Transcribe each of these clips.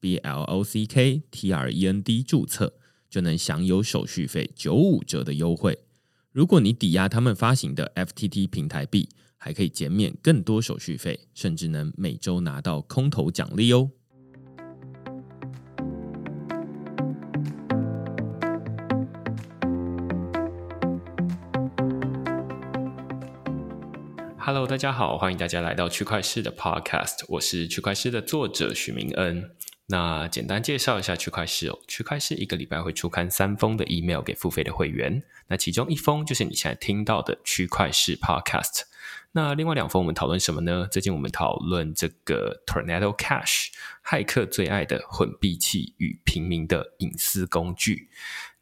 B L O C K T R E N D 註冊就能享有手續費九五折的優惠。如果你抵押他們發行的 F T T 平台幣，還可以減免更多手續費，甚至能每周拿到空投獎勵哦。Hello，大家好，歡迎大家來到區塊勢的 Podcast，我是區塊勢的作者許明恩。那簡單介紹一下區塊勢，哦。區塊勢一個禮拜會出刊三封的 email 給付費的會員，那其中一封就是你現在聽到的區塊勢 podcast。那另外兩封我們討論什麼呢？最近我們討論這個 Tornado Cash，駭客最愛的混幣器與平民的隱私工具。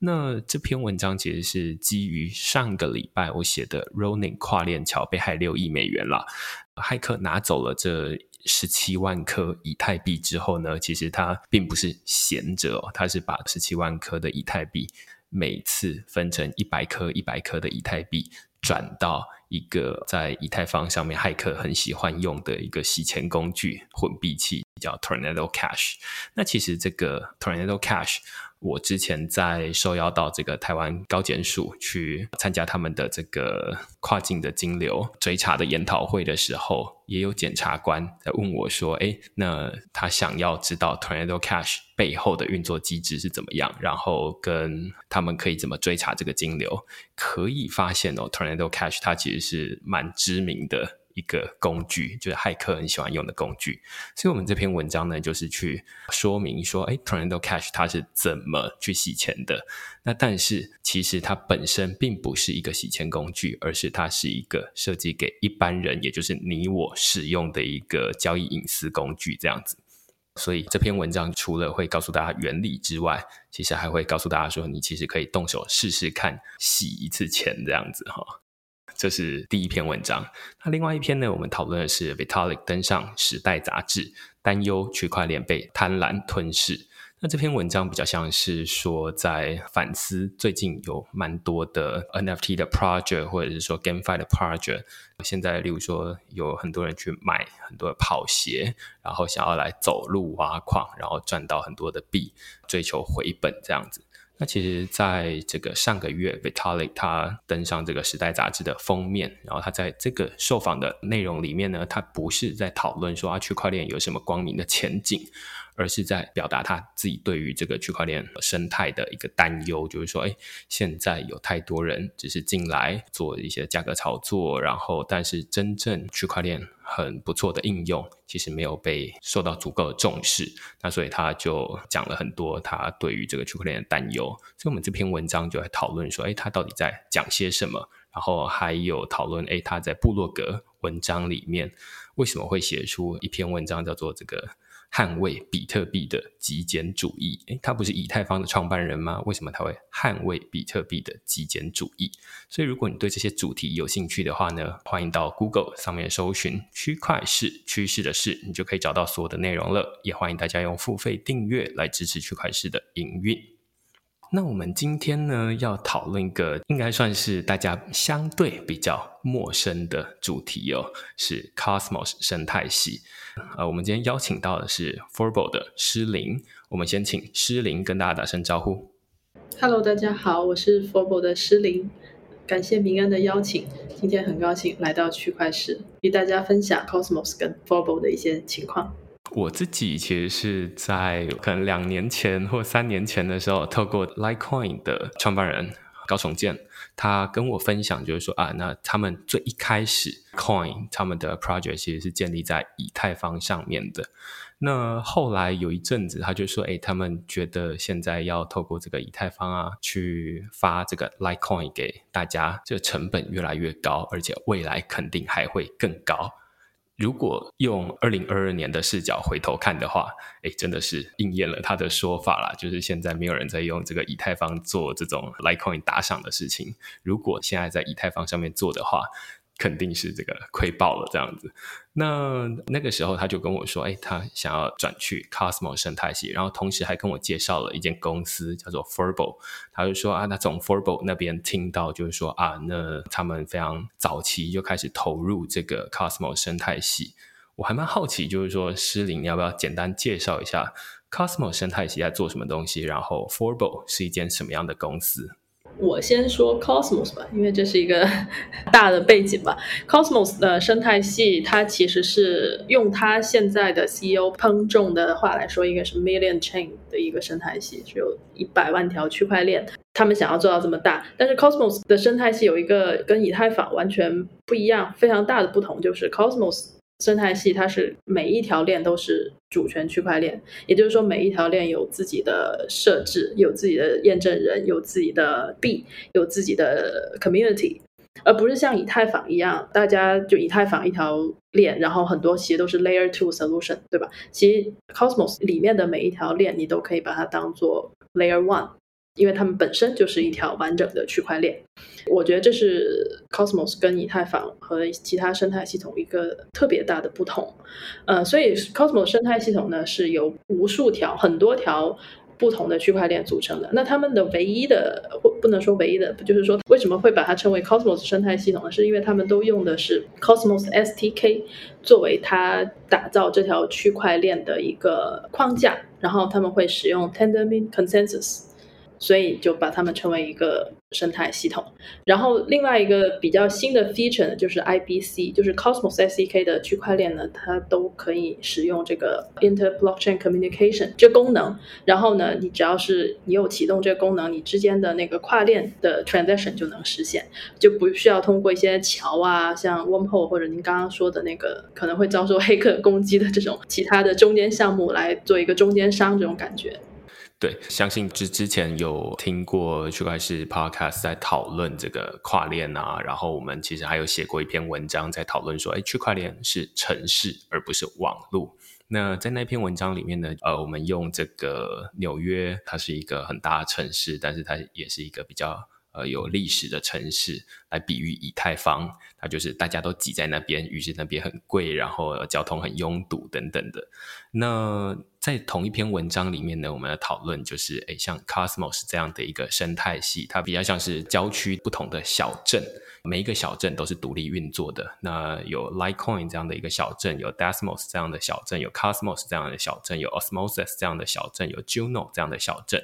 那這篇文章其實是基於上個禮拜我寫的 Ronin 跨鏈橋被害六億美元了，駭客拿走了這。十七萬顆以太幣之後呢，其實它並不是閒着哦，它是把十七萬顆的以太幣每次分成一百顆、一百顆的以太幣轉到，一個在以太坊上面駭客很喜歡用的一個洗錢工具混幣器，叫 Tornado Cash。那其實這個 Tornado Cash，我之前在受邀到這個台灣高檢署去參加他們的這個跨境的金流追查的研討會的時候，也有檢察官在問我說：“哎，那他想要知道 Tornado Cash 背後的運作機制是怎麼樣，然後跟他們可以怎麼追查這個金流，可以發現哦，Tornado Cash 它其實。”是蠻知名的一個工具，就是駭客很喜歡用的工具。所以，我們這篇文章呢，就是去說明說，哎，Tornado Cash 它是怎麼去洗錢的。那但是，其實它本身並不是一個洗錢工具，而是它是一個設計給一般人，也就是你我使用的一個交易隱私工具這樣子。所以，這篇文章除了會告訴大家原理之外，其實還會告訴大家說，你其實可以動手試試看洗一次錢這樣子哈。這是第一篇文章。那另外一篇呢？我們討論的是 Vitalik 登上《時代》雜誌，擔憂區塊鏈被貪婪吞噬。那這篇文章比較像是說，在反思最近有蠻多的 NFT 的 project，或者是說 GameFi 的 project。現在，例如說，有很多人去買很多的跑鞋，然後想要來走路挖礦，然後賺到很多的幣，追求回本這樣子。那其實，在這個上個月，Vitalik 他登上這個《時代》雜誌的封面，然後他在這個受訪的內容裡面呢，他不是在討論說啊，區塊鏈有什麼光明的前景，而是在表達他自己對於這個區塊鏈生態的一個擔憂，就是說，哎，現在有太多人只是進來做一些價格炒作，然後，但是真正區塊鏈，很不錯的應用，其實沒有被受到足夠的重視，那所以他就講了很多他對於這個區塊鏈的擔憂，所以我們這篇文章就在討論說，哎，他到底在講些什麼？然後還有討論，哎，他在部落格文章裡面為什麼會寫出一篇文章叫做這個捍衛比特幣的極簡主義，哎，他不是以太坊的創辦人嗎？為什麼他會捍衛比特幣的極簡主義？所以，如果你對這些主題有興趣的話呢，歡迎到 Google 上面搜尋「區塊勢」（趨勢的勢），你就可以找到所有的內容了。也歡迎大家用付費訂閱來支持區塊勢的營運。那我們今天呢，要討論一個應該算是大家相對比較陌生的主題哦，是 Cosmos 生態系。呃，我們今天邀請到的是 Forbole 的 Shilin，我們先請 Shilin 跟大家打聲招呼。Hello，大家好，我是 Forbole 的 Shilin，感謝明恩的邀請，今天很高興來到區塊勢，與大家分享 Cosmos 跟 Forbole 的一些情況。我自己其實是在可能兩年前或三年前的時候，透過 LikeCoin 的創辦人高重建，他跟我分享，就是說啊，那他們最一開始 Coin 他們的 project 其實是建立在以太坊上面的。那後來有一陣子，他就說，哎，他們覺得現在要透過這個以太坊啊，去發這個 LikeCoin 給大家，這個成本越來越高，而且未來肯定還會更高。如果用二零二二年的視角回頭看的話，哎，真的是應驗了他的說法啦。就是現在沒有人在用這個以太坊做這種 LikeCoin 打賞的事情。如果現在在以太坊上面做的話，肯定是這個虧爆了這樣子。那那個時候他就跟我說：“哎，他想要轉去 Cosmos 生態系，然後同時還跟我介紹了一間公司叫做 Forbole 他就說啊，他從 Forbole 那邊聽到，就是說啊，那他們非常早期就開始投入這個 Cosmos 生態系。我還蠻好奇，就是說 Shilin，你要不要簡單介紹一下 Cosmos 生態系在做什麼東西？然後 Forbole 是一間什麼樣的公司？”我先說 Cosmos 吧，因為這是一個大的背景吧。Cosmos 的生態系，它其實是用它現在的 CEO 彭仲的話來說，應該是 million chain 的一個生態系，只有一百萬條區塊鏈。他們想要做到這麼大，但是 Cosmos 的生態系有一個跟以太坊完全不一樣、非常大的不同，就是 Cosmos。生態系它是每一條鏈都是主權區塊鏈，也就是說每一條鏈有自己的設置，有自己的驗證人，有自己的幣，有自己的 community，而不是像以太坊一樣，大家就以太坊一條鏈，然後很多其實都是 layer two solution，對吧？其實 Cosmos 裡面的每一條鏈，你都可以把它當做 layer one。因為它們本身就是一條完整的區塊鏈，我覺得這是 Cosmos 跟以太坊和其他生態系統一個特別大的不同。呃，所以 Cosmos 生態系統呢，是由無數條、很多條不同的區塊鏈組成的。那它們的唯一的，不，不能說唯一的，就是說為什麼會把它稱為 Cosmos 生態系統呢？是因為它們都用的是 Cosmos STK 作為它打造這條區塊鏈的一個框架，然後他們會使用 Tendermint Consensus。所以就把它們稱為一個生態系統。然後另外一個比較新的 feature 就是 IBC，就是 Cosmos SDK 的區塊鏈呢，它都可以使用這個 Inter Blockchain Communication 這功能。然後呢，你只要是你有啟動這個功能，你之間的那個跨鏈的 transaction 就能實現，就不需要通過一些橋啊，像 Wormhole 或者您剛剛說的那個可能會遭受黑客攻擊的這種其他的中間項目來做一個中間商這種感覺。對，相信之之前有聽過區塊勢 podcast 在討論這個跨鏈啊，然後我們其實還有寫過一篇文章在討論說，哎，區塊鏈是城市而不是網絡。那在那篇文章裡面呢，呃，我們用這個紐約，它是一個很大的城市，但是它也是一個比較呃有歷史的城市，來比喻以太坊，它就是大家都擠在那邊，於是那邊很貴，然後交通很擁堵等等的。那在同一篇文章裡面呢，我們要討論就是，哎，像 Cosmos 這樣的一個生態系，它比較像是郊區不同的小鎮，每一個小鎮都是獨立運作的。那有 Litecoin 這樣的一個小鎮，有 Desmos 這樣的小鎮，有 Cosmos 這樣的小鎮，有 Osmosis 這樣的小鎮，有，有 Juno 這樣的小鎮。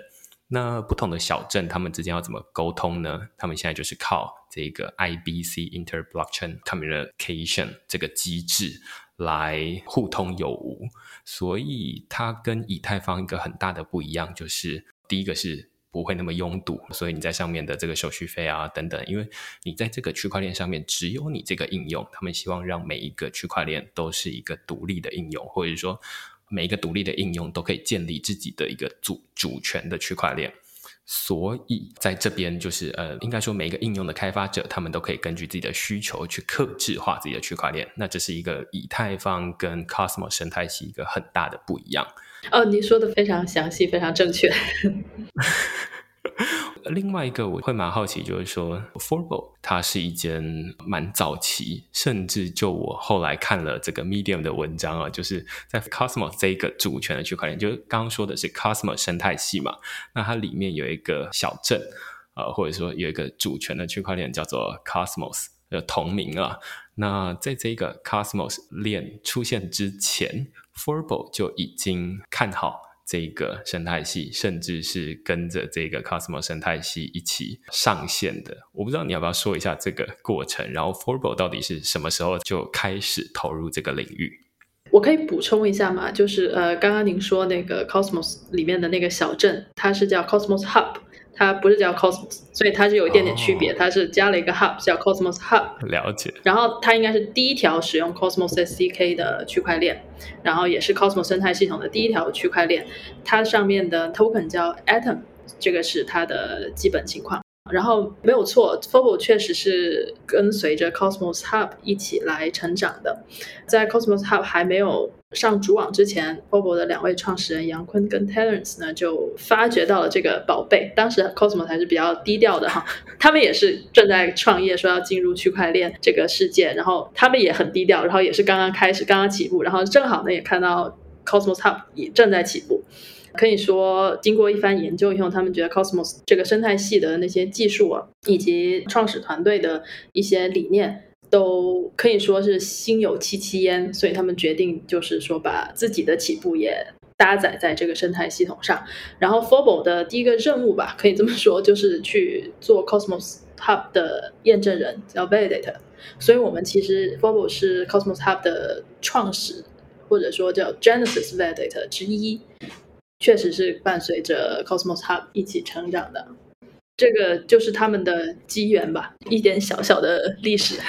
那不同的小鎮，他們之間要怎麼溝通呢？他們現在就是靠這個 IBC Inter Blockchain Communication 這個機制來互通有無。所以它跟以太坊一個很大的不一樣，就是第一個是不會那麼擁堵，所以你在上面的這個手續費啊等等，因為你在這個區塊鏈上面只有你這個應用，他們希望讓每一個區塊鏈都是一個獨立的應用，或者說每一個獨立的應用都可以建立自己的一個主主權的區塊鏈。所以，在這邊就是呃，應該說每一個應用的開發者，他們都可以根據自己的需求去客製化自己的區塊鏈。那這是一個以太坊跟 Cosmos 生態系一個很大的不一樣。哦，你說的非常詳細，非常正確。 另外一個我會蠻好奇，就是說，Forbole 它是一間蠻早期，甚至就我後來看了這個 Medium 的文章啊，就是在 Cosmos 這一個主權的區塊鏈，就是剛剛說的是 Cosmos 生態系嘛，那它裡面有一個小鎮，啊、呃，或者說有一個主權的區塊鏈叫做 Cosmos 的同名啊，那在這個 Cosmos 鏈出現之前，Forbole 就已經看好。這個生態系，甚至是跟着這個 Cosmos 生態系一起上線的，我不知道你要不要說一下這個過程，然後 Forbole 到底是什麼時候就開始投入這個領域？我可以補充一下嗎，就是呃，剛剛您說那個 Cosmos 裡面的那個小鎮，它是叫 Cosmos Hub。它不是叫 Cosmos，所以它是有一點點區別，oh, 它是加了一個 Hub, 叫 Hub，叫 Cosmos Hub。了解。然後它應該是第一條使用 Cosmos SDK 的區塊鏈，然後也是 Cosmos 生態系統的第一條區塊鏈。它上面的 Token 叫 Atom，這個是它的基本情況。然後沒有錯，Forbole 確實是跟隨着 Cosmos Hub 一起來成長的。在 Cosmos Hub 還沒有上主網之前，Forbole 的兩位創始人楊坤跟 Terence 呢就發掘到了這個寶貝。當時 Cosmos 還是比較低調的哈，他們也是正在創業，說要進入區塊鏈這個世界。然後他們也很低調，然後也是剛剛開始，剛剛起步。然後正好呢，也看到 Cosmos Hub 也正在起步。可以說，經過一番研究以後，他們覺得 Cosmos 這個生態系的那些技術啊，以及創始團隊的一些理念，都可以說是心有戚戚焉。所以他們決定，就是說把自己的起步也搭載在這個生態系統上。然後 Forbole 的第一個任務吧，可以這麼說，就是去做 Cosmos Hub 的驗證人，叫 Validator。所以，我們其實 Forbole 是 Cosmos Hub 的創始，或者說叫 Genesis Validator 之一。確實是伴隨着 Cosmos Hub 一起成長的，這個就是他們的機緣吧，一點小小的歷史。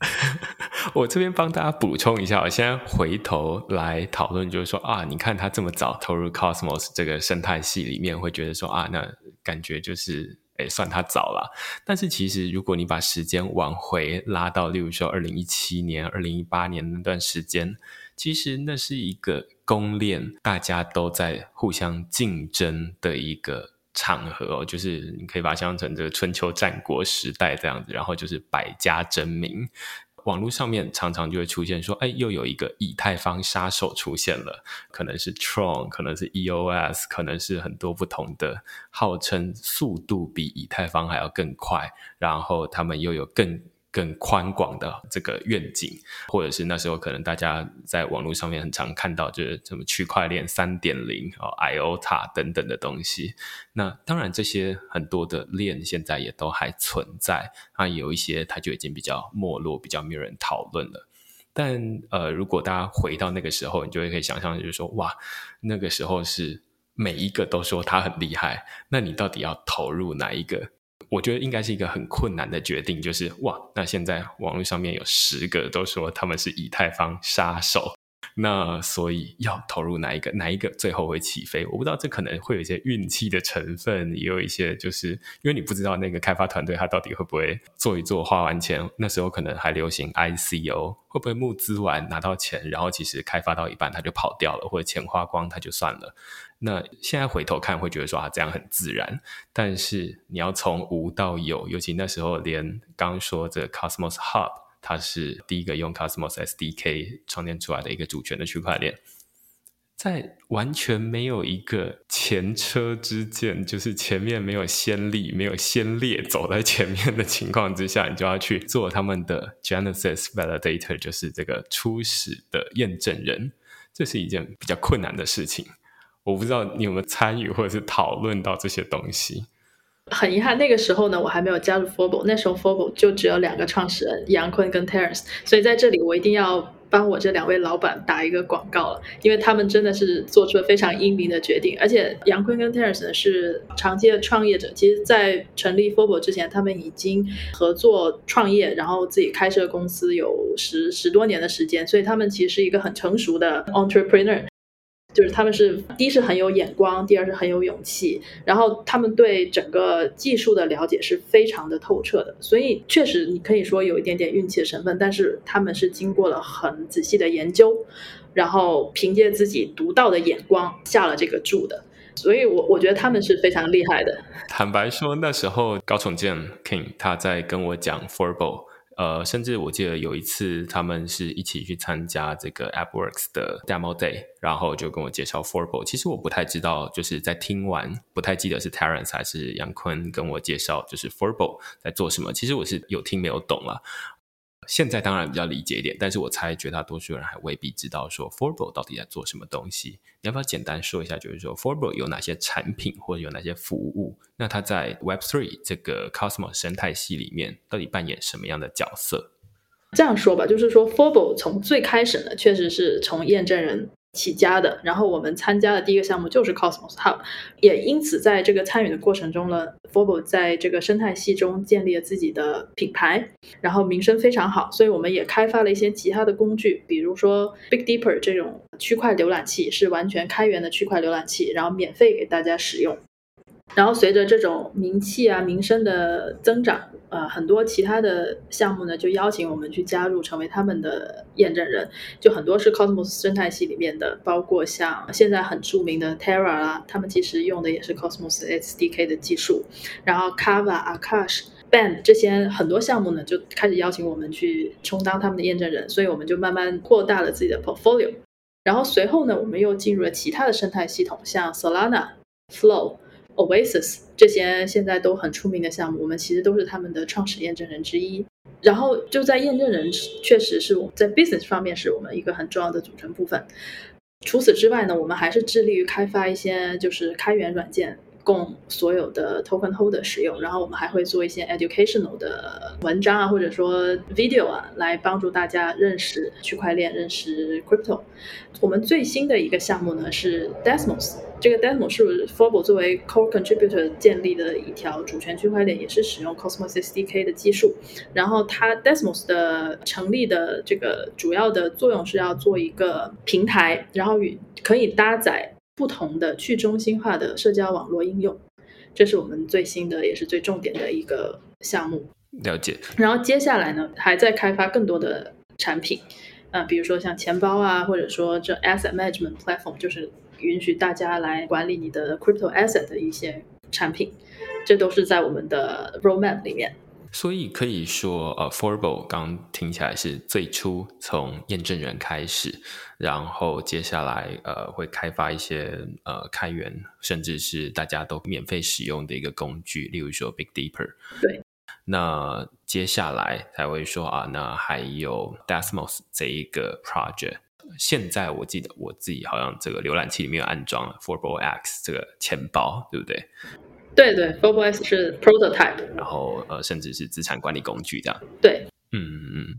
我這邊幫大家補充一下，我先回頭來討論，就是說啊，你看他這麼早投入 Cosmos 這個生態系裡面，會覺得說啊，那感覺就是，哎，算他早了。但是其實，如果你把時間往回拉到，例如說二零一七年、二零一八年的那段時間，其實那是一個。公鏈，大家都在互相競爭的一個場合哦，就是你可以把它想象成這個春秋戰國時代這樣子，然後就是百家爭鳴。網絡上面常常就會出現說，哎，又有一個以太坊殺手出現了，可能是 Tron，可能是 EOS，可能是很多不同的號稱速度比以太坊還要更快，然後他們又有更。更寬廣的這個願景，或者是那時候可能大家在網絡上面很常看到，就是什麼區塊鏈三點零啊、IOTA 等等的東西。那當然，這些很多的鏈現在也都還存在，那、啊、有一些它就已經比較沒落，比較沒有人討論了。但呃，如果大家回到那個時候，你就會可以想象，就是說哇，那個時候是每一個都說它很厲害，那你到底要投入哪一個？我覺得應該是一個很困難的決定，就是哇，那現在網絡上面有十個都說他們是以太坊殺手，那所以要投入哪一個，哪一個最後會起飛？我不知道，這可能會有一些運氣的成分，也有一些就是因為你不知道那個開發團隊他到底會不會做一做，花完錢，那時候可能還流行 ICO，會不會募資完拿到錢，然後其實開發到一半他就跑掉了，或者錢花光他就算了。那現在回頭看會覺得說啊，這樣很自然。但是你要從無到有，尤其那時候連剛剛說的這 Cosmos Hub，它是第一個用 Cosmos SDK 創建出來的一個主權的區塊鏈，在完全沒有一個前車之鑑，就是前面沒有先例、沒有先烈走在前面的情況之下，你就要去做他們的 Genesis Validator，就是這個初始的驗證人，這是一件比較困難的事情。我不知道你有沒有參與或者是討論到這些東西。很遺憾，那個時候呢，我還沒有加入 Forbole，那時候 Forbole 就只有兩個創始人，楊坤跟 Terence，所以在這裡我一定要幫我這兩位老板打一個廣告了，因為他們真的是做出了非常英明的決定。而且楊坤跟 Terence 呢是長期的創業者，其實在成立 Forbole 之前，他們已經合作創業，然後自己開設公司有十十多年的時間，所以他們其實是一個很成熟的 entrepreneur。就是他們是第一是很有眼光，第二是很有勇氣，然後他們對整個技術的了解是非常的透徹的，所以確實你可以說有一點點運氣的成分，但是他們是經過了很仔細的研究，然後憑借自己獨到的眼光下了這個注的，所以我我覺得他們是非常厲害的。坦白說，那時候高重建 King 他在跟我講 Forbole 呃，甚至我記得有一次，他們是一起去參加這個 AppWorks 的 Demo Day，然後就跟我介紹 Forbole。其實我不太知道，就是在聽完，不太記得是 Terence 還是楊坤跟我介紹，就是 Forbole 在做什麼。其實我是有聽，沒有懂了啊。現在當然比較理解一點，但是我猜絕大多數人還未必知道說 Forbole 到底在做什麼東西。你要不要簡單說一下，就是說 Forbole 有哪些產品或者有哪些服務？那它在 Web3 這個 Cosmos 生態系裡面到底扮演什麼樣的角色？這樣說吧，就是說 Forbole 從最開始呢，確實是從驗證人。起家的，然後我們參加的第一個項目就是 Cosmos Hub，也因此在這個參與的過程中呢，Forbole 在這個生態系中建立了自己的品牌，然後名聲非常好，所以我們也開發了一些其他的工具，比如說 Big Dipper 這種區塊瀏覽器是完全開源的區塊瀏覽器，然後免費給大家使用。然後隨着這種名氣啊、名聲的增長，呃，很多其他的項目呢就邀請我們去加入，成為他們的驗證人。就很多是 Cosmos 生態系裡面的，包括像現在很著名的 Terra 啦、啊，他們其實用的也是 Cosmos SDK 的技術。然後 Kava、Akash、Band 這些很多項目呢就開始邀請我們去充當他們的驗證人，所以我們就慢慢擴大了自己的 portfolio。然後隨後呢，我們又進入了其他的生態系統，像 Solana、Flow。Oasis 這些現在都很出名的項目，我們其實都是他們的創始驗證人之一。然後就在驗證人，確實是我們在 business 方面是我們一個很重要的組成部分。除此之外呢，我們還是致力於開發一些就是開源軟件。供所有的 token holder 使用，然後我們還會做一些 educational 的文章啊，或者說 video 啊，來幫助大家認識區塊鏈、認識 crypto。我們最新的一個項目呢是 Desmos。這個 Desmos 是 Forbole 作為 core contributor 建立的一條主權區塊鏈，也是使用 Cosmos SDK 的技術。然後它 Desmos 的成立的這個主要的作用是要做一個平台，然後與可以搭載，不同的去中心化的社交網絡應用，這是我們最新的也是最重點的一個項目。了解。然後接下來呢，還在開發更多的產品，啊，比如說像錢包啊，或者說這 asset management platform，就是允許大家來管理你的 crypto asset 的一些產品，這都是在我們的 roadmap 裡面。所以可以說，呃、uh, Forbole 剛,剛聽起來是最初從驗證人開始，然後接下來呃會開發一些呃開源，甚至是大家都免費使用的一個工具，例如說 Big Dipper。對，那接下來才會說啊，uh, 那還有 Desmos 這一個 project。現在我記得我自己好像這個瀏覽器裡面有安裝了 Forbole X 這個錢包，對不對？對對，Bobos 是 prototype，然後呃，甚至是資產管理工具這樣。對，嗯，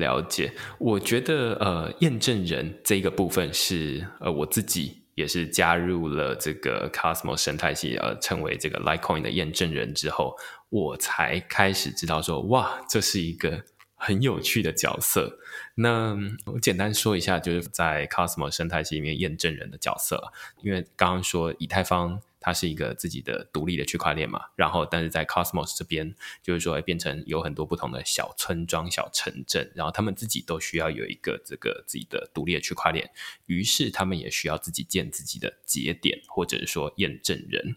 了解。我覺得呃，驗證人這一個部分是呃，我自己也是加入了這個 Cosmos 生態系，呃，成為這個 LikeCoin 的驗證人之後，我才開始知道說，哇，這是一個很有趣的角色。那我簡單說一下，就是在 Cosmos 生態系裡面驗證人的角色。因為剛剛說以太坊它是一個自己的獨立的區塊鏈嘛，然後但是在 Cosmos 這邊，就是說會變成有很多不同的小村莊、小城鎮，然後他們自己都需要有一個這個自己的獨立的區塊鏈，於是他們也需要自己建自己的節點，或者是說驗證人。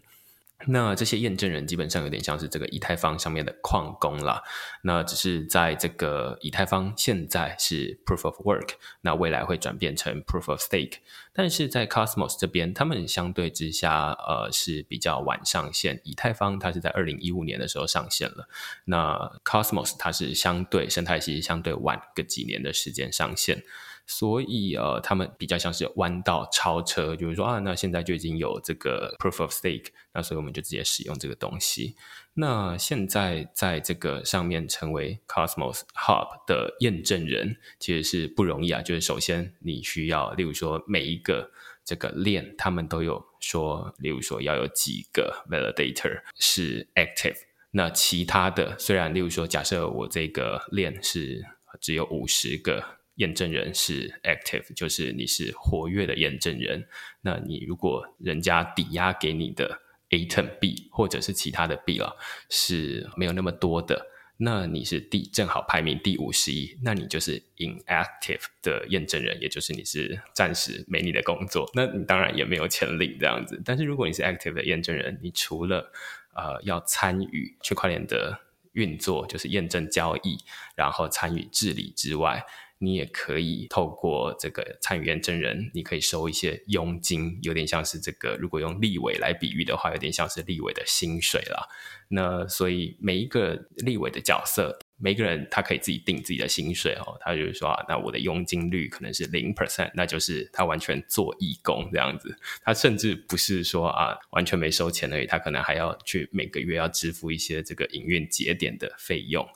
那這些驗證人基本上有點像是這個以太坊上面的礦工啦。那只是在這個以太坊現在是 proof of work，那未來會轉變成 proof of stake，但是在 Cosmos 這邊，他們相對之下，呃，是比較晚上線。以太坊它是在二零一五年的時候上線了，那 Cosmos 它是相對生態系，相對晚個幾年的時間上線。所以呃他們比較像是彎道超車，就是說啊，那現在就已經有這個 proof of stake，那所以我們就直接使用這個東西。那現在在這個上面成為 Cosmos Hub 的驗證人，其實是不容易啊，就是首先你需要，例如說每一個這個鏈，他們都有說，例如說要有幾個 validator 是 active，那其他的，雖然例如說假設我這個鏈是只有五十個。驗證人是 active，就是你是活躍的驗證人。那你如果人家抵押給你的 ATOM 幣，或者是其他的幣了、啊，是沒有那麼多的。那你是 D，正好排名第五十一，那你就是 inactive 的驗證人，也就是你是暫時沒你的工作，那你當然也沒有錢領這樣子。但是如果你是 active 的驗證人，你除了呃要參與區塊鏈的運作，就是驗證交易，然後參與治理之外，你也可以透過這個參與驗證人，你可以收一些佣金，有點像是這個。如果用立委來比喻的話，有點像是立委的薪水啦。那所以每一個立委的角色，每個人他可以自己定自己的薪水哦。他就是說啊，那我的佣金率可能是零 percent，那就是他完全做義工這樣子。他甚至不是說啊，完全沒收錢而已，他可能還要去每個月要支付一些這個營運節點的費用。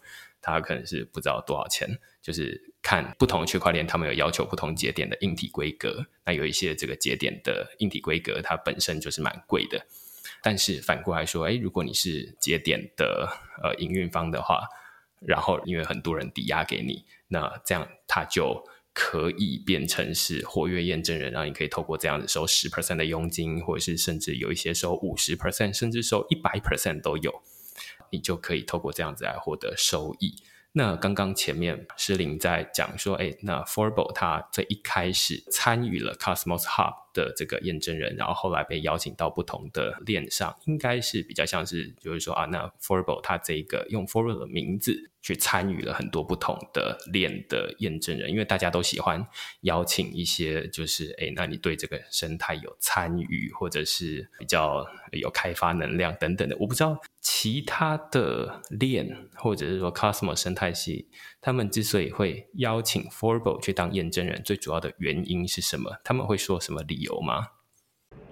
它可能是不知道多少錢，就是看不同區塊鏈，他們有要求不同節點的硬體規格。那有一些這個節點的硬體規格，它本身就是蠻貴的。但是反過來說，誒，如果你是節點的呃營運方的話，然後因為很多人抵押給你，那這樣他就可以變成是活躍驗證人，然後你可以透過這樣子收十 percent 的佣金，或者是甚至有一些收五十 percent，甚至收一百 percent 都有。你就可以透過這樣子來獲得收益。那剛剛前面詩琳在講說，誒、欸，那 Forbole 它這一開始參與了 Cosmos Hub。的這個驗證人，然後後來被邀請到不同的鏈上，應該是比較像是，就是說啊，那 Forbole 他這個用 Forbole 的名字去參與了很多不同的鏈的驗證人，因為大家都喜歡邀請一些，就是哎，那你對這個生態有參與，或者是比較有開發能量等等的。我不知道其他的鏈，或者是說 Cosmos 生態系，他們之所以會邀請 Forbole 去當驗證人，最主要的原因是什麼？他們會說什麼理由嗎？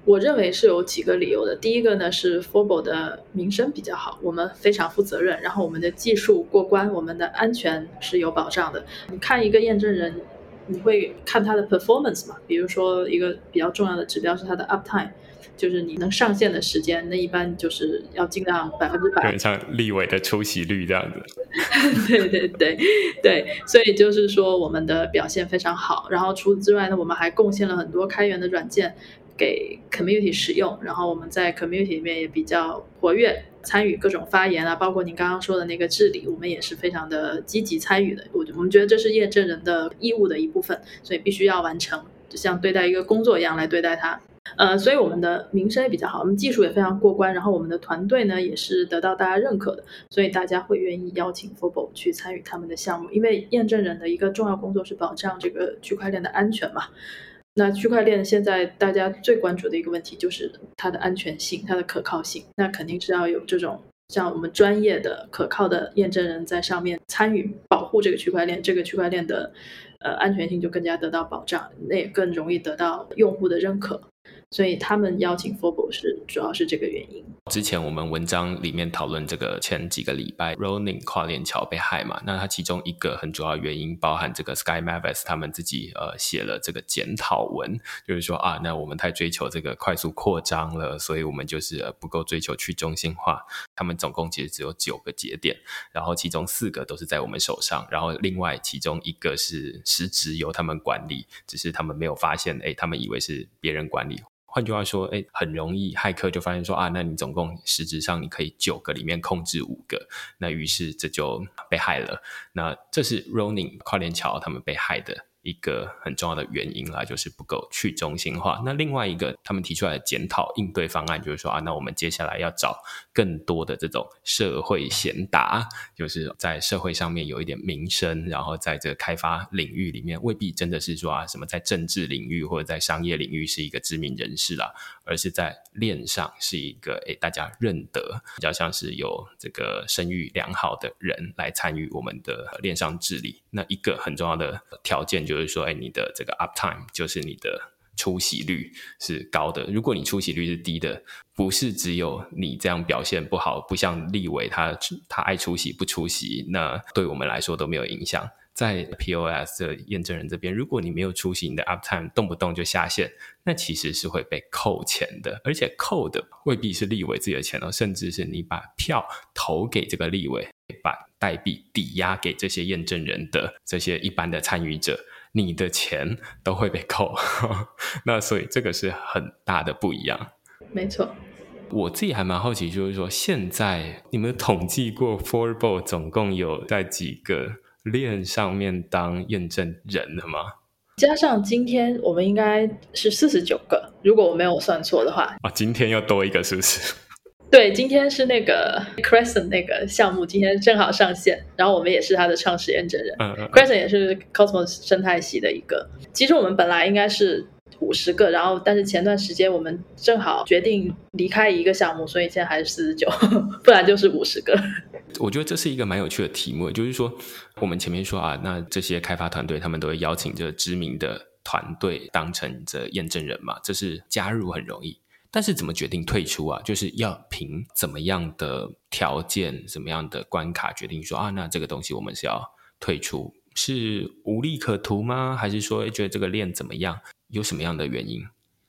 我認為是有幾個理由的。第一個呢是 Forbole 的名聲比較好，我們非常負責任，然後我們的技術過關，我們的安全是有保障的。你看一個驗證人，你會看他的 performance 嘛，比如說一個比較重要的指標是他的 uptime。就是你能上線的時間，那一般就是要盡量百分之百，像立委的出席率這樣子。 對對對對，所以就是說我們的表現非常好。然後除此之外呢，我們還貢獻了很多開源的軟件給 community 使用。然後我們在 community 裡面也比較活躍，參與各種發言啊，包括您剛剛說的那個治理，我們也是非常的積極參與的。我我們覺得這是驗證人的義務的一部分，所以必須要完成，就像對待一個工作一樣來對待它。呃，所以我們的名聲也比較好，我們技術也非常過關，然後我們的團隊呢也是得到大家認可的，所以大家會願意邀請 Forbole 去參與他們的項目。因為驗證人的一個重要工作是保障這個區塊鏈的安全嘛。那區塊鏈現在大家最關注的一個問題就是它的安全性、它的可靠性。那肯定是要有這種像我們專業的、可靠的驗證人在上面參與保護這個區塊鏈，這個區塊鏈的呃安全性就更加得到保障，那也更容易得到用戶的認可。所以他們邀請 Forbole 是主要是這個原因。之前我們文章裡面討論這個前幾個禮拜 Ronin 跨鏈橋被害嘛，那它其中一個很主要的原因包含這個 Sky Mavis 他們自己呃寫了這個檢討文，就是說啊，那我們太追求這個快速擴張了，所以我們就是、呃、不夠追求去中心化。他們總共其實只有九個節點，然後其中四個都是在我們手上，然後另外其中一個是實質由他們管理，只是他們沒有發現，哎，他們以為是別人管理。換句話說，哎、欸，很容易駭客就發現說啊，那你總共實質上你可以九個裡面控制五個，那於是這就被駭了。那這是 Ronin 跨鏈橋他們被駭的一個很重要的原因啦，就是不夠去中心化。那另外一個，他們提出來的檢討應對方案就是說啊，那我們接下來要找更多的這種社會賢達，就是在社會上面有一點名聲，然後在這個開發領域裡面未必真的是說啊什麼在政治領域或者在商業領域是一個知名人士啦，而是在鏈上是一個哎大家認得，比較像是有這個聲譽良好的人來參與我們的鏈上治理。那一個很重要的條件就是。就是說，哎，你的這個 uptime 就是你的出席率是高的。如果你出席率是低的，不是只有你這樣表現不好，不像立委他他愛出席不出席，那對我們來說都沒有影響。在 POS 的驗證人這邊，如果你沒有出席，你的 uptime 動不動就下線，那其實是會被扣錢的，而且扣的未必是立委自己的錢哦，甚至是你把票投給這個立委，把代幣抵押給這些驗證人的這些一般的參與者。你的錢都會被扣， 那所以這個是很大的不一樣。沒錯，我自己還蠻好奇，就是說現在你們統計過，Forbole 總共有在幾個鏈上面當驗證人的嗎？加上今天，我們應該是四十九個，如果我沒有算錯的話。啊，今天又多一個，是不是？對，今天是那個 Crescent 那個項目，今天正好上線，然後我們也是他的創始驗證人。嗯嗯，嗯，Crescent 也是 Cosmos 生態系的一個。其實我們本來應該是五十個，然後但是前段時間我們正好決定離開一個項目，所以現在還是四十九，不然就是五十個。我覺得這是一個蠻有趣的題目，就是說我們前面說啊，那這些開發團隊他們都會邀請這知名的團隊當成這驗證人嘛，這是加入很容易。但是怎麼決定退出啊？就是要憑怎麼樣的條件、怎麼樣的關卡決定說啊？那這個東西我們是要退出，是無利可圖嗎？還是說誒，覺得這個鏈怎麼樣？有什麼樣的原因？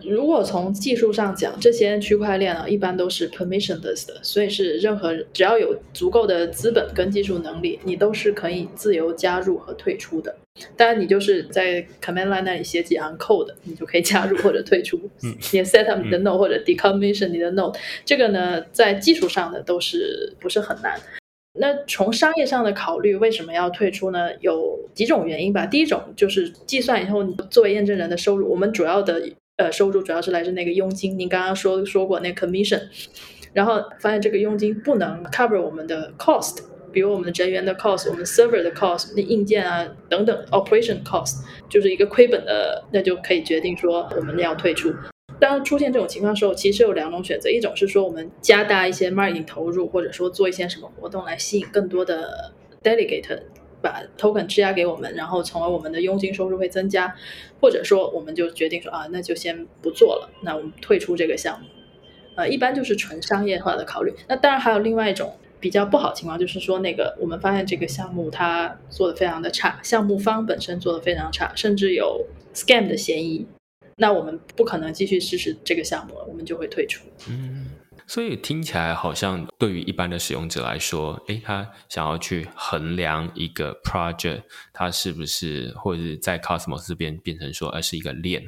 如果從技術上講，這些區塊鏈啊，一般都是 permissionless 的，所以是任何只要有足夠的資本跟技術能力，你都是可以自由加入和退出的。當然，你就是在 command line 那裡寫幾行 code，你就可以加入或者退出，你 set up 你的 node 或者 decommission 你的 node，嗯，這個呢，在技術上的都是不是很難。那從商業上的考慮，為什麼要退出呢？有幾種原因吧。第一種就是計算以後你作為驗證人的收入，我們主要的。呃，收入主要是來自那個佣金，您剛剛說說過那個 commission，然後發現這個佣金不能 cover 我們的 cost，比如我們的職員的 cost，我們 server 的 cost，那硬件啊等等 operation cost，就是一個虧本的，那就可以決定說我們要退出。當出現這種情況的時候，其實有兩種選擇，一種是說我們加大一些 marketing 投入，或者說做一些什麼活動來吸引更多的 delegate。把 token 質押給我們，然後從而我們的佣金收入會增加，或者說我們就決定說啊，那就先不做了，那我們退出這個項目。呃，一般就是純商業化的考慮。那當然還有另外一種比較不好的情況，就是說那個我們發現這個項目它做的非常的差，項目方本身做的非常差，甚至有 scam 的嫌疑，那我們不可能繼續支持這個項目了，我們就會退出。嗯。所以聽起來好像，對於一般的使用者來說，誒他想要去衡量一個 project，它是不是，或者是在 Cosmos 這邊變成說，而、呃、是一個鏈，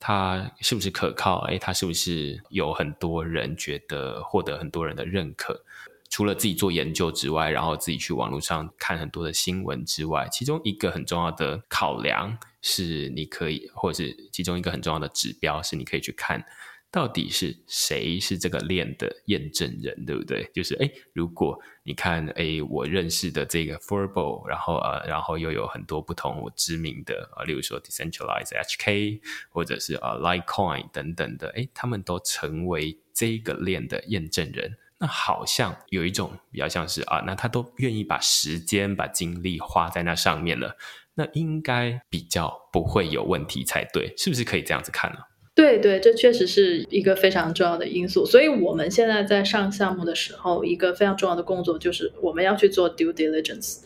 它是不是可靠？誒它是不是有很多人覺得獲得很多人的認可？除了自己做研究之外，然後自己去網絡上看很多的新聞之外，其中一個很重要的考量是，你可以，或者是其中一個很重要的指標是，你可以去看。到底是誰是這個鏈的驗證人，對不對？就是哎，如果你看哎，我認識的這個 Forbole 然後呃然後又有很多不同我知名的啊、呃，例如說 Decentralized HK 或者是啊、呃、Litecoin 等等的，哎，他們都成為這個鏈的驗證人，那好像有一種比較像是啊，那他都願意把時間、把精力花在那上面了，那應該比較不會有問題才對，是不是可以這樣子看呢、啊？對對，這確實是一個非常重要的因素。所以我們現在在上項目的時候，一個非常重要的工作就是我們要去做 due diligence，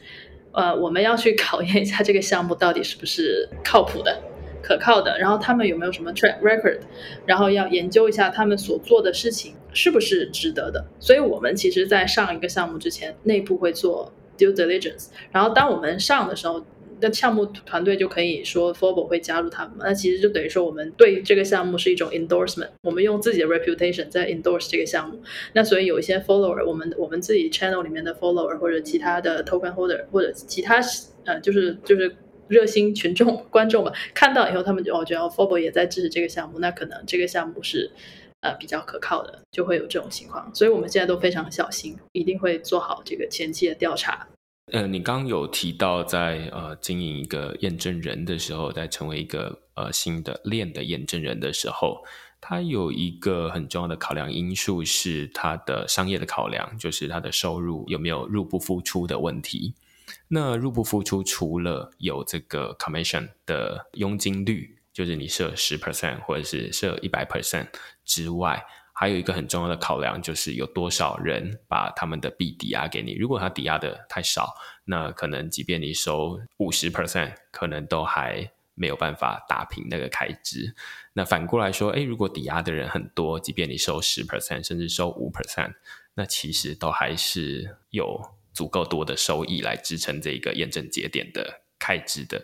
呃，我們要去考驗一下這個項目到底是不是靠譜的、可靠的，然後他們有沒有什麼 track record，然後要研究一下他們所做的事情是不是值得的。所以我們其實，在上一個項目之前，內部會做 due diligence，然後當我們上的時候。那項目團隊就可以說 Forbole 會加入他們。那其實就等於說，我們對這個項目是一種 endorsement。我們用自己的 reputation 在 endorse 這個項目。那所以有一些 follower，我們我們自己 channel 裡面的 follower，或者其他的 token holder，或者其他呃，就是就是熱心群眾觀眾嘛，看到以後他們就哦，覺得 Forbole 也在支持這個項目，那可能這個項目是呃比較可靠的，就會有這種情況。所以我們現在都非常小心，一定會做好這個前期的調查。呃，你剛剛有提到在，在呃經營一個驗證人的時候，在成為一個呃新的鏈的驗證人的時候，它有一個很重要的考量因素是它的商業的考量，就是它的收入有沒有入不敷出的問題。那入不敷出，除了有這個 commission 的佣金率，就是你設十 percent 或者是設一百 percent 之外，還有一個很重要的考量，就是有多少人把他們的幣抵押給你。如果他抵押的太少，那可能即便你收五十 percent，可能都還沒有辦法打平那個開支。那反過來說，誒如果抵押的人很多，即便你收十 percent，甚至收五 percent，那其實都還是有足夠多的收益來支撐這個驗證節點的開支的。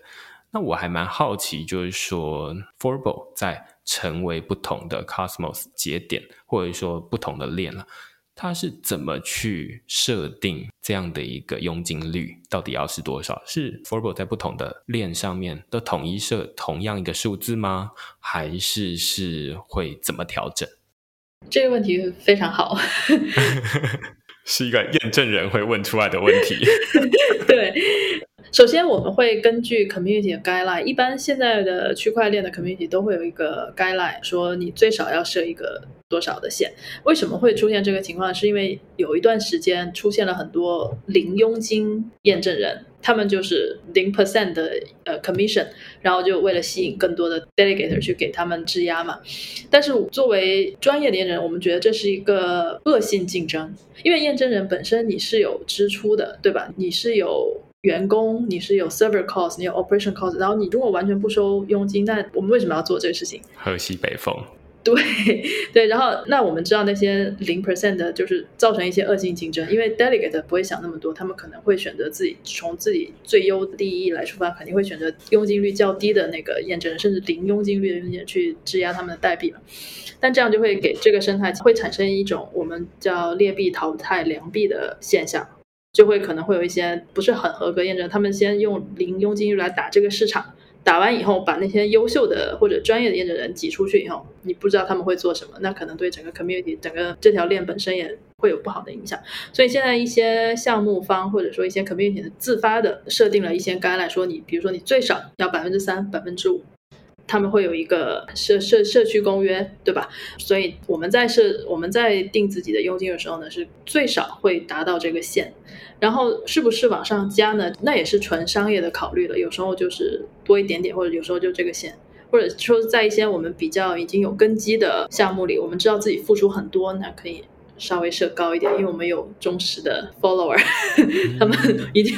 那我還蠻好奇，就是說 Forbole 在成為不同的 Cosmos 節點，或者說不同的鏈了、啊，它是怎麼去設定這樣的一個佣金率？到底要是多少？是 Forbole 在不同的鏈上面都統一設同樣一個數字嗎？還是是會怎麼調整？這個問題非常好， 是一個驗證人會問出來的問題。 對。首先，我們會根據 community 的 guideline。一般現在的區塊鏈的 community 都會有一個 guideline，說你最少要設一個多少的線。為什麼會出現這個情況？是因為有一段時間出現了很多零佣金驗證人，他們就是零 percent 的呃 commission，然後就為了吸引更多的 delegator 去給他們質押嘛。但是作為專業的驗證人，我們覺得這是一個惡性競爭，因為驗證人本身你是有支出的，對吧？你是有。員工，你是有 server cost，你有 operation cost，然後你如果完全不收佣金，那我們為什麼要做這個事情？喝西北風？對對，然後那我們知道那些零 percent 的，就是造成一些惡性競爭，因為 delegate 不會想那麼多，他們可能會選擇自己從自己最優的利益來出發，肯定會選擇佣金率較低的那個驗證，甚至零佣金率的驗證去質押他們的代幣嘛，但這樣就會給這個生態會產生一種我們叫劣幣淘汰良幣的現象。就會可能會有一些不是很合格驗證，他們先用零佣金來打這個市場，打完以後把那些優秀的或者專業的驗證人擠出去以後，你不知道他們會做什麼，那可能對整個 community 整個這條鏈本身也會有不好的影響。所以現在一些項目方或者說一些 community 自發的設定了一些，杆來說你，比如說你最少要百分之三百分之五。他們會有一個社社社區公約，對吧？所以我們在設我們在定自己的佣金的時候呢，是最少會達到這個線，然後是不是往上加呢？那也是純商業的考慮了。有時候就是多一點點，或者有時候就這個線，或者說在一些我們比較已經有根基的項目裡，我們知道自己付出很多，那可以稍微設高一點，因為我們有忠實的 follower，Mm-hmm. 他們一定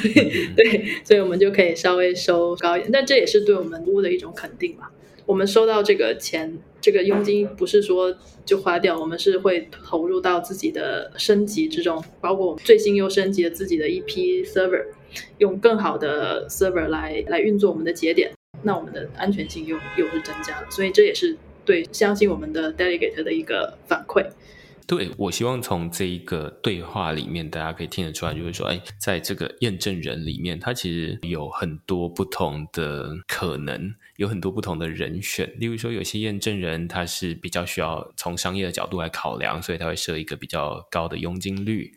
對，所以我們就可以稍微收高一點。那這也是對我們物的一種肯定吧。我們收到這個錢，這個佣金不是說就花掉，我們是會投入到自己的升級之中，包括我們最新又升級了自己的一批 server，用更好的 server 來來運作我們的節點，那我們的安全性又又是增加了，所以這也是對相信我們的 delegate 的一個反饋。對，我希望從這一個對話裡面，大家可以聽得出來，就是說，哎，在這個驗證人裡面，它其實有很多不同的可能。有很多不同的人選，例如說，有些驗證人他是比較需要從商業的角度來考量，所以他會設一個比較高的佣金率。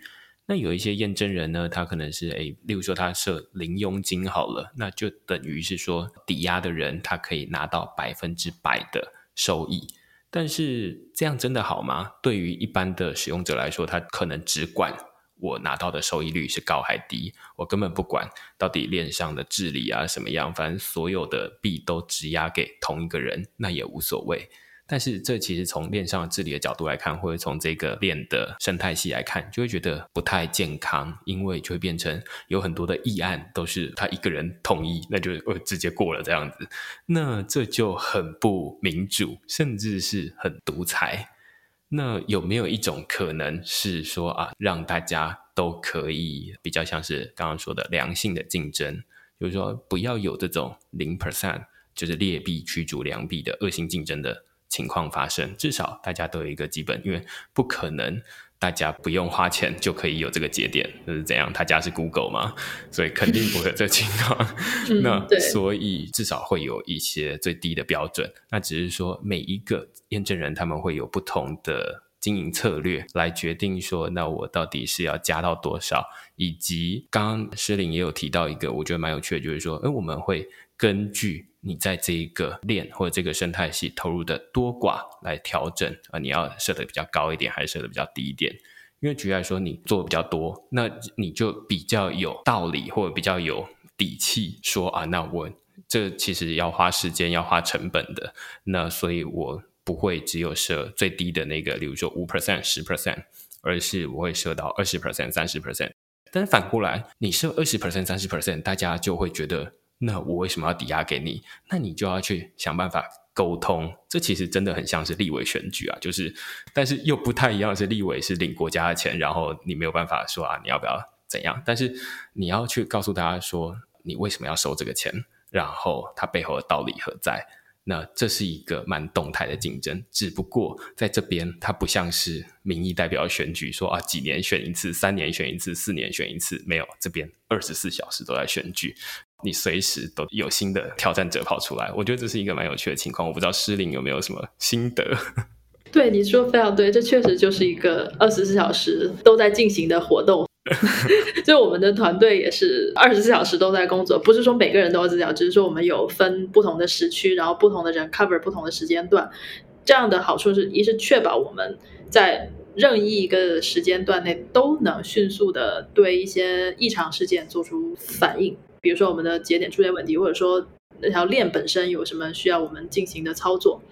那有一些驗證人呢，他可能是誒，欸，例如說他設零佣金好了，那就等於是說抵押的人他可以拿到百分之百的收益。但是這樣真的好嗎？對於一般的使用者來說，他可能只管。我拿到的收益率是高還低，我根本不管到底鏈上的治理啊什麼樣，反正所有的幣都質押給同一個人，那也無所謂。但是這其實從鏈上的治理的角度來看，或者從這個鏈的生態系來看，就會覺得不太健康，因為就會變成有很多的議案都是他一個人同意，那就呃直接過了這樣子，那這就很不民主，甚至是很獨裁。那有沒有一種可能是說啊，讓大家都可以比較像是剛剛說的良性的競爭，就是說不要有這種零 percent 就是劣幣驅逐良幣的惡性競爭的情況發生，至少大家都有一個基本，因為不可能。大家不用花錢就可以有這個節點，就是怎樣？他家是 Google 嘛，所以肯定不會有這情況。 嗯、 那對所以至少會有一些最低的標準。那只是說每一個驗證人他們會有不同的經營策略來決定說，那我到底是要加到多少？以及剛剛詩林也有提到一個，我覺得蠻有趣的，就是說，哎，我們會。根據你在這一個鏈或者這個生態系投入的多寡來調整啊，你要設得比較高一點，還是設得比較低一點？因為舉例來說，你做的比較多，那你就比較有道理，或者比較有底氣，說啊，那我這其實要花時間，要花成本的，那所以我不會只有設最低的那個，比如說五 percent、十 percent，而是我會設到二十 percent、三十 percent。但反過來，你設二十 percent、三十 percent，大家就會覺得，那我為什麼要抵押給你？那你就要去想辦法溝通。這其實真的很像是立委選舉啊，就是，但是又不太一樣，是立委是領國家的錢，然後你沒有辦法說啊，你要不要怎樣？但是你要去告訴大家說，你為什麼要收這個錢，然後它背後的道理何在？那這是一個蠻動態的競爭，只不過在這邊它不像是民意代表選舉，說啊，幾年選一次，三年選一次，四年選一次，沒有，這邊二十四小時都在選舉。你隨時都有新的挑戰者跑出來，我覺得這是一個蠻有趣的情況。我不知道 Shilin 有沒有什麼心得？對，你說非常對，這確實就是一個二十四小時都在進行的活動。 就我們的團隊也是二十四小時都在工作，不是說每個人都要這樣，只、就是說我們有分不同的時區，然後不同的人 cover 不同的時間段。這樣的好處是一是確保我們在任意一個時間段內都能迅速的對一些異常事件做出反應。比如說我們的節點出現問題，或者說那條鏈本身有什麼需要我們進行的操作，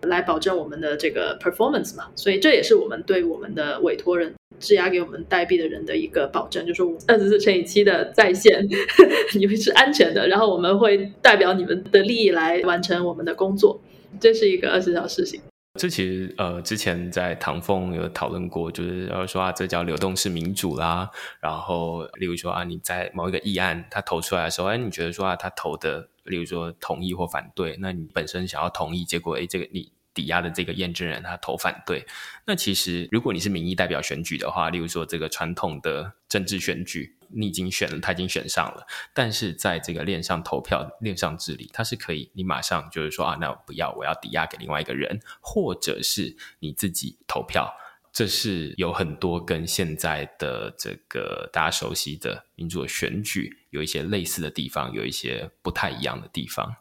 來保證我們的這個 performance 嘛，所以這也是我們對我們的委托人質押給我們代幣的人的一個保證，就是說二十四乘以七的在線， 你們是安全的，然後我們會代表你們的利益來完成我們的工作，這是一個二十四小時事情。這其實呃，之前在唐鳳有討論過，就是要說啊，這叫流動式民主啦。然後，例如說啊，你在某一個議案他投出來的時候，哎，你覺得說啊，他投的例如說同意或反對，那你本身想要同意，結果誒，這個你抵押的這個驗證人他投反對，那其實如果你是民意代表選舉的話，例如說這個傳統的政治選舉，你已經選了，他已經選上了，但是在這個鏈上投票、鏈上治理，他是可以你馬上就是說啊，那我不要，我要抵押給另外一個人，或者是你自己投票，這是有很多跟現在的這個大家熟悉的民主選舉有一些類似的地方，有一些不太一樣的地方。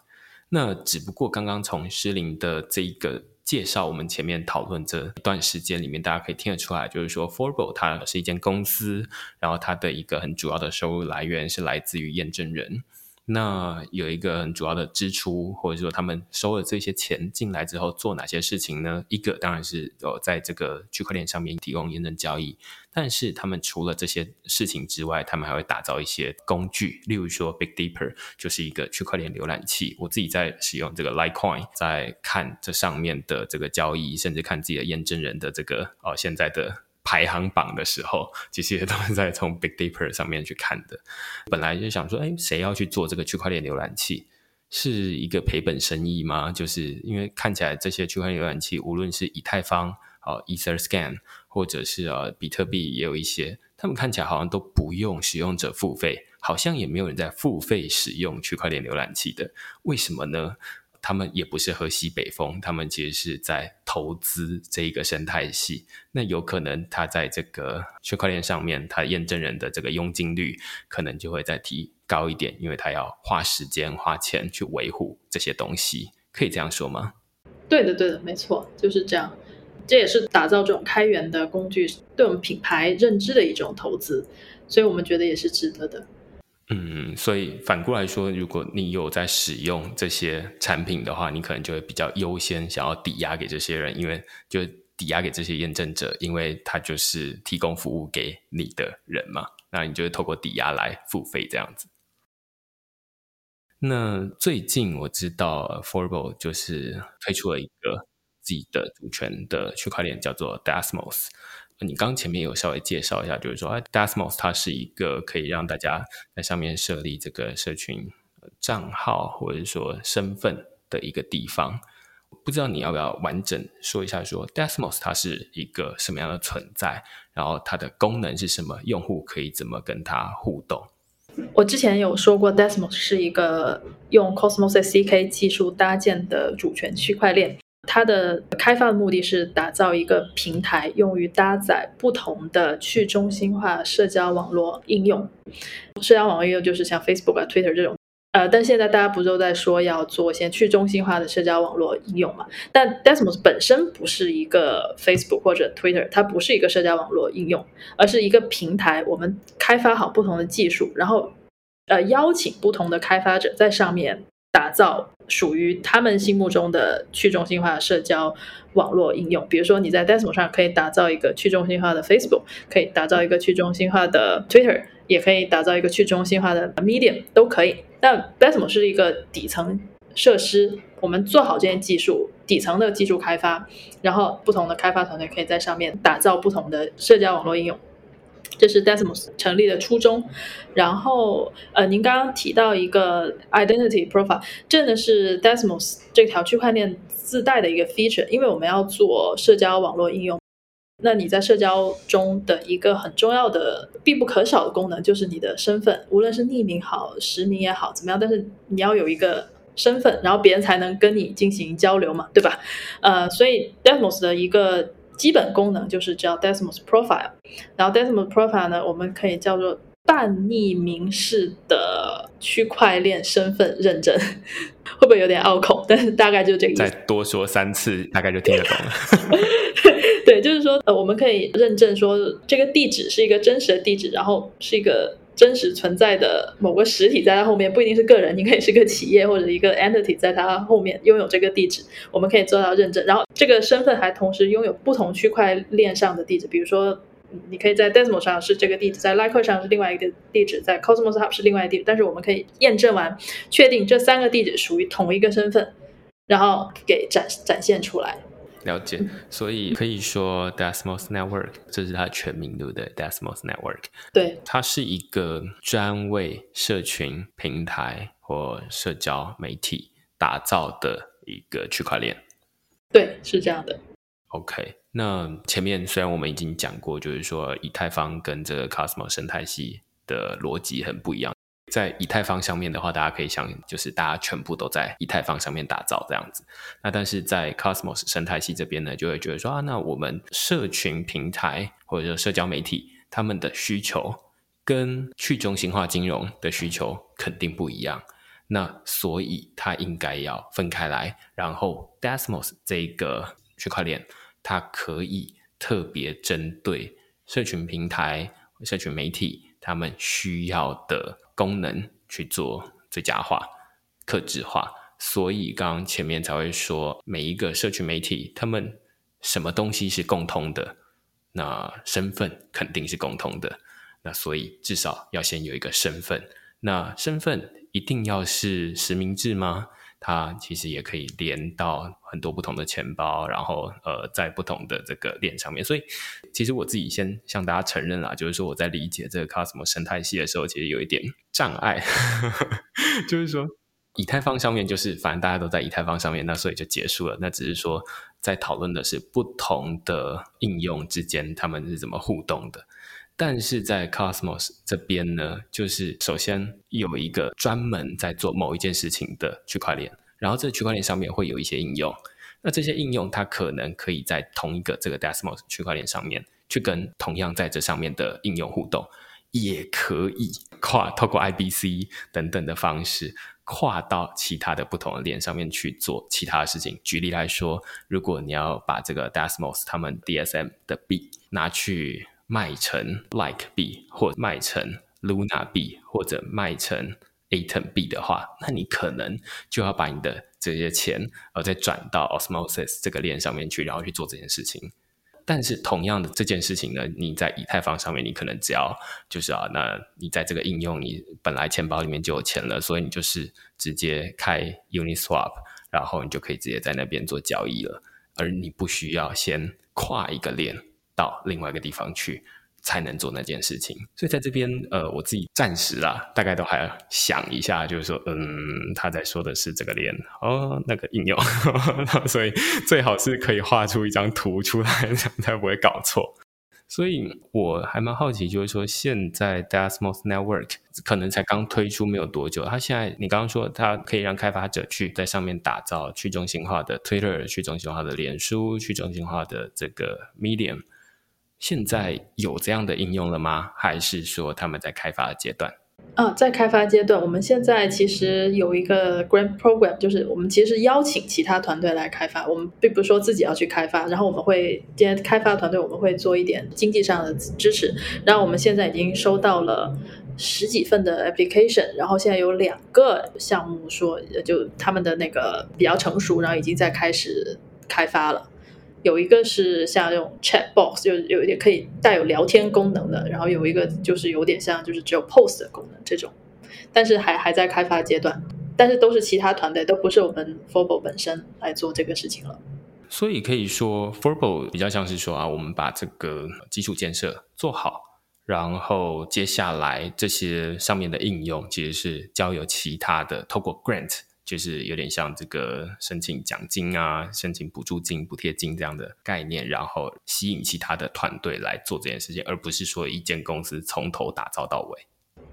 那只不過剛剛從 Shilin 的這一個介紹，我們前面討論這一段時間裡面，大家可以聽得出來，就是說 Forbole 它是一間公司，然後它的一個很主要的收入來源是來自於驗證人。那有一個很主要的支出，或者說他們收了這些錢進來之後做哪些事情呢？一個當然是哦，在這個區塊鏈上面提供驗證交易，但是他們除了這些事情之外，他們還會打造一些工具，例如說 Big Dipper 就是一個區塊鏈瀏覽器，我自己在使用這個 LikeCoin，在看這上面的這個交易，甚至看自己的驗證人的這個哦現在的。排行榜的時候，其實也都是在從 Big Dipper 上面去看的。本來就想說，誒，誰要去做這個區塊鏈瀏覽器，是一個賠本生意嗎？就是因為看起來這些區塊鏈瀏覽器，無論是以太坊、啊 EtherScan，或者是、啊、比特幣，也有一些，他們看起來好像都不用使用者付費，好像也沒有人在付費使用區塊鏈瀏覽器的，為什麼呢？他們也不是喝西北風，他們其實是在投資這一個生態系。那有可能，他在這個區塊鏈上面，他驗證人的這個佣金率可能就會再提高一點，因為他要花時間、花錢去維護這些東西，可以這樣說嗎？對的，對的，沒錯，就是這樣。這也是打造這種開源的工具，對我們品牌認知的一種投資，所以我們覺得也是值得的。嗯，所以反過來說，如果你有在使用這些產品的話，你可能就會比較優先想要抵押給這些人，因為就抵押給這些驗證者，因為他就是提供服務給你的人嘛，那你就會透過抵押來付費這樣子。那最近我知道 Forbole 就是推出了一個自己的主權的區塊鏈，叫做 Desmos。你剛前面有稍微介紹一下，就是說，啊，Desmos 它是一個可以讓大家在上面設立這個社群賬號或者說身份的一個地方。不知道你要不要完整說一下說，說 Desmos 它是一個什麼樣的存在，然後它的功能是什麼，用戶可以怎麼跟它互動？我之前有說過，Desmos 是一個用 Cosmos SDK 技術搭建的主權區塊鏈。它的開發的目的是打造一個平台，用於搭載不同的去中心化社交網絡應用。社交網絡應用就是像 Facebook 啊、Twitter 這種。呃，但現在大家不都在說要做一些去中心化的社交網絡應用嘛，但 Desmos 本身不是一個 Facebook 或者 Twitter，它不是一個社交網絡應用，而是一個平台。我們開發好不同的技術，然後呃邀請不同的開發者在上面。打造屬於他們心目中的去中心化的社交網絡應用，比如說你在 d e s m o 上可以打造一個去中心化的 Facebook，可以打造一個去中心化的 Twitter，也可以打造一個去中心化的 Medium 都可以。但 d e s m o 是一個底層設施，我們做好這些技術底層的技術開發，然後不同的開發團隊可以在上面打造不同的社交網絡應用。這是 Desmos 成立的初衷。然後，呃，您剛剛提到一個 Identity Profile，這呢是 Desmos 這條區塊鏈自帶的一個 feature，因為我們要做社交網絡應用。那你在社交中的一個很重要的、必不可少的功能就是你的身份，無論是匿名好、實名也好，怎麼樣？但是你要有一個身份，然後別人才能跟你進行交流嘛，對吧？呃，所以 Desmos 的一個基本功能就是叫 Desmos Profile，然後 Desmos Profile 呢，我們可以叫做半匿名式的區塊鏈身份認證，會不會有點拗口？但是大概就這個意思。再多說三次，大概就聽得懂了。 對，就是說，呃，我們可以認證說這個地址是一個真實的地址，然後是一個。真實存在的某個實體在它後面，不一定是個人，你可以是個企業或者一個 entity 在它後面擁有這個地址，我們可以做到認證。然後這個身份還同時擁有不同區塊鏈上的地址，比如說你可以在 Desmos 上是這個地址，在 LikeCoin 上是另外一個地址，在 Cosmos Hub 是另外一個地址，但是我們可以驗證完，確定這三個地址屬於同一個身份，然後給展展現出來。了解，所以可以說 Desmos Network 這是它全名，對的，對不對？Desmos Network 對，它是一個專為社群平台或社交媒體打造的一個區塊鏈。對，是這樣的。OK，那前面雖然我們已經講過，就是說以太坊跟這個 Cosmos 生態系的邏輯很不一樣。在以太坊上面的話，大家可以想，就是大家全部都在以太坊上面打造這樣子。那但是在 Cosmos 生態系這邊呢，就會覺得說啊，那我們社群平台或者說社交媒體，他們的需求跟去中心化金融的需求肯定不一樣。那所以它應該要分開來。然後 c a s m o s 這個區塊鏈，它可以特別針對社群平台、社群媒體。他們需要的功能去做最佳化、客製化，所以剛剛前面才會說，每一個社群媒體他們什麼東西是共通的？那身份肯定是共通的，那所以至少要先有一個身份。那身份一定要是實名制嗎？它其實也可以連到很多不同的錢包，然後呃，在不同的這個鏈上面。所以，其實我自己先向大家承認啦，就是說我在理解這個 Cosmos 生態系的時候，其實有一點障礙。 就是說， 以太坊上面就是反正大家都在以太坊上面，那所以就結束了。那只是說，在討論的是不同的應用之間他們是怎麼互動的。但是在 Cosmos 這邊呢，就是首先有一個專門在做某一件事情的區塊鏈，然後這區塊鏈上面會有一些應用。那這些應用它可能可以在同一個這個 Desmos 區塊鏈上面去跟同樣在這上面的應用互動，也可以跨透過 IBC 等等的方式跨到其他的不同的鏈上面去做其他的事情。舉例來說，如果你要把這個 Desmos 他們 DSM 的幣拿去賣成 Like B 或賣成 Luna B 或者賣成 Atom B 的話，那你可能就要把你的這些錢然後、呃、再轉到 Osmosis 這個鏈上面去，然後去做這件事情。但是同樣的這件事情呢，你在以太坊上面，你可能只要就是啊，那你在這個應用你本來錢包裡面就有錢了，所以你就是直接開 Uniswap，然後你就可以直接在那邊做交易了，而你不需要先跨一個鏈。到另外一個地方去才能做那件事情，所以在這邊，呃，我自己暫時啊，大概都還想一下，就是說，嗯，他在說的是這個鏈哦，那個應用呵呵，所以最好是可以畫出一張圖出來，這樣才不會搞錯。所以我還蠻好奇，就是說，現在 Desmos Network 可能才剛推出沒有多久，它現在你剛剛說它可以讓開發者去在上面打造去中心化的 Twitter、去中心化的臉書、去中心化的這個 Medium。現在有這樣的應用了嗎？還是說他們在開發的階段？啊、呃，在開發階段，我們現在其實有一個 grant program，就是我們其實邀請其他團隊來開發，我們並不是說自己要去開發。然後我們會接開發團隊，我們會做一點經濟上的支持。然後我們現在已經收到了十幾份的 application，然後現在有兩個項目說，就他們的那個比較成熟，然後已經在開始開發了。有一個是像這種 chat box，就是有一點可以帶有聊天功能的，然後有一個就是有點像就是只有 post 的功能這種，但是還還在開發階段，但是都是其他團隊，都不是我們 Forbole 本身來做這個事情了。所以可以說 Forbole 比較像是說啊，我們把這個基礎建設做好，然後接下來這些上面的應用其實是交由其他的透過 Grant。就是有點像這個申請獎金啊、申請補助金、補貼金這樣的概念，然後吸引其他的團隊來做這件事情，而不是說一間公司從頭打造到尾。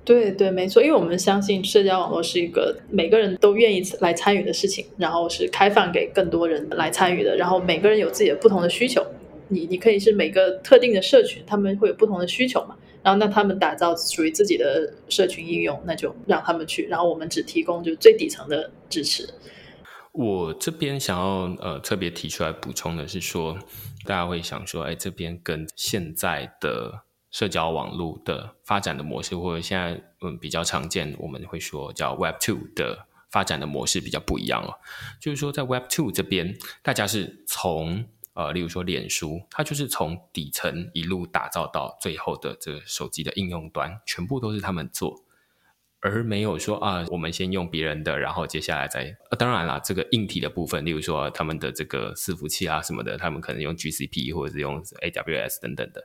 對對，沒錯，因為我們相信社交網絡是一個每個人都願意來參與的事情，然後是開放給更多人來參與的，然後每個人有自己的不同的需求。你你可以是每個特定的社群，他們會有不同的需求嘛。然後，那他們打造屬於自己的社群應用，那就讓他們去，然後我們只提供就是最底層的支持。我這邊想要呃特別提出來補充的是說，大家會想說，哎，這邊跟現在的社交網絡的發展的模式，或者現在嗯比較常見，我們會說叫 Web Two 的發展的模式比較不一樣哦。就是說，在 Web Two 這邊，大家是從。呃，例如說臉書，它就是從底層一路打造到最後的這個手機的應用端，全部都是他們做，而沒有說啊，我們先用別人的，然後接下來再、啊。當然啦，這個硬體的部分，例如說他們的這個伺服器啊什麼的，他們可能用 GCP 或者是用 AWS 等等的。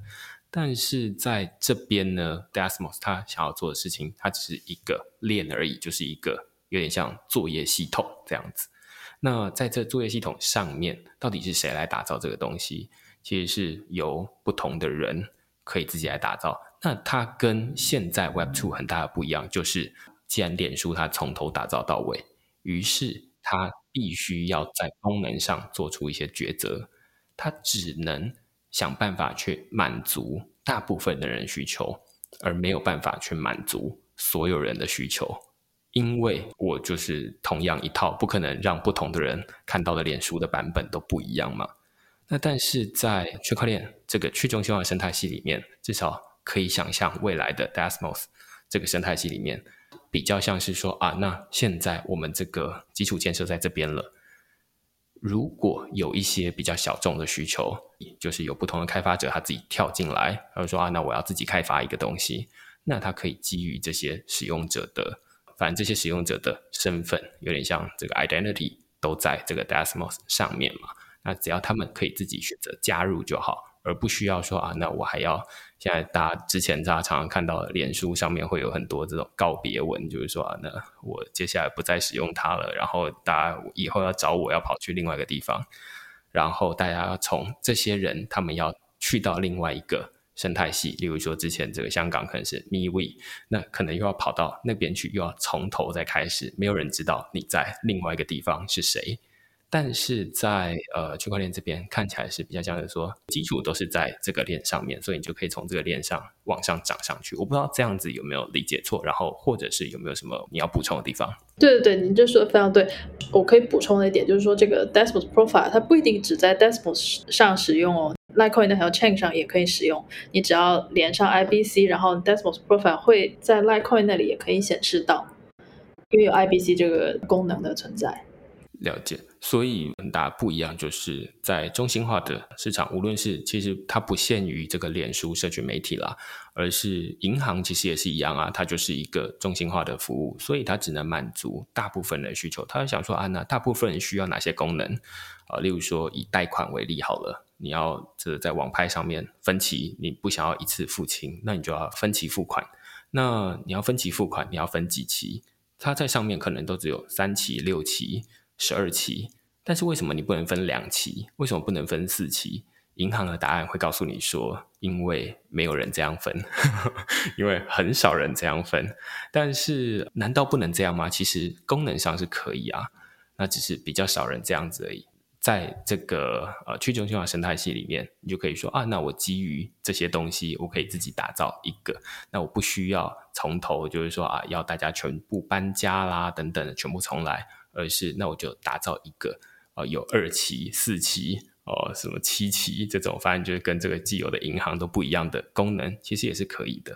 但是在這邊呢，Desmos 他想要做的事情，它只是一個鏈而已，就是一個有點像作業系統這樣子。那在這作業系統上面，到底是誰來打造這個東西？其實是由不同的人可以自己來打造。那它跟現在 Web Two 很大的不一樣，就是既然臉書它從頭打造到尾，於是它必須要在功能上做出一些抉擇，它只能想辦法去滿足大部分的人的需求，而沒有辦法去滿足所有人的需求。因為我就是同樣一套，不可能讓不同的人看到的臉書的版本都不一樣嘛。那但是在區塊鏈這個去中心化的生態系裡面，至少可以想象未來的 Desmos 這個生態系裡面，比較像是說啊，那現在我們這個基礎建設在這邊了，如果有一些比較小眾的需求，就是有不同的開發者他自己跳進來，他說啊，那我要自己開發一個東西，那他可以基於這些使用者的。反正這些使用者的身份有點像這個 identity，都在這個 Desmos 上面嘛。那只要他們可以自己選擇加入就好，而不需要說啊，那我還要現在大家之前大家常常看到的臉書上面會有很多這種告別文，就是說啊，那我接下來不再使用它了，然後大家以後要找我要跑去另外一個地方，然後大家要從這些人他們要去到另外一個。生態系，例如說之前這個香港可能是 MeWe，那可能又要跑到那邊去，又要從頭再開始。沒有人知道你在另外一個地方是誰，但是在呃區塊鏈這邊看起來是比較像是說基礎都是在這個鏈上面，所以你就可以從這個鏈上往上漲上去。我不知道這樣子有沒有理解錯，然後或者是有沒有什麼你要補充的地方？對對對，您這說的非常對。我可以補充的一點就是說，這個 Desmos Profile 它不一定只在 Desmos 上使用哦。Litecoin 那條 chain 上也可以使用，你只要連上 IBC，然後 Desmos Profile 會在 Litecoin 那裡也可以顯示到，因為有 IBC 這個功能的存在。了解，所以很大不一樣就是在中心化的市場，無論是其實它不限於這個臉書、社群媒體啦，而是銀行其實也是一樣啊，它就是一個中心化的服務，所以它只能滿足大部分的需求。他就想說啊，那大部分人需要哪些功能啊？例如說以貸款為例，好了。你要這在網拍上面分期，你不想要一次付清，那你就要分期付款。那你要分期付款，你要分幾期？它在上面可能都只有三期、六期、十二期。但是為什麼你不能分兩期？為什麼不能分四期？銀行的答案會告訴你說：因為沒有人這樣分， 因為很少人這樣分。但是難道不能這樣嗎？其實功能上是可以啊，那只是比較少人這樣子而已。在這個呃去中心化生態系裡面，你就可以說啊，那我基於這些東西，我可以自己打造一個。那我不需要從頭，就是說啊，要大家全部搬家啦等等的，全部重來，而是那我就打造一個，啊、呃、有二期、四期，哦，什麼七期這種，反正就是跟這個既有的銀行都不一樣的功能，其實也是可以的。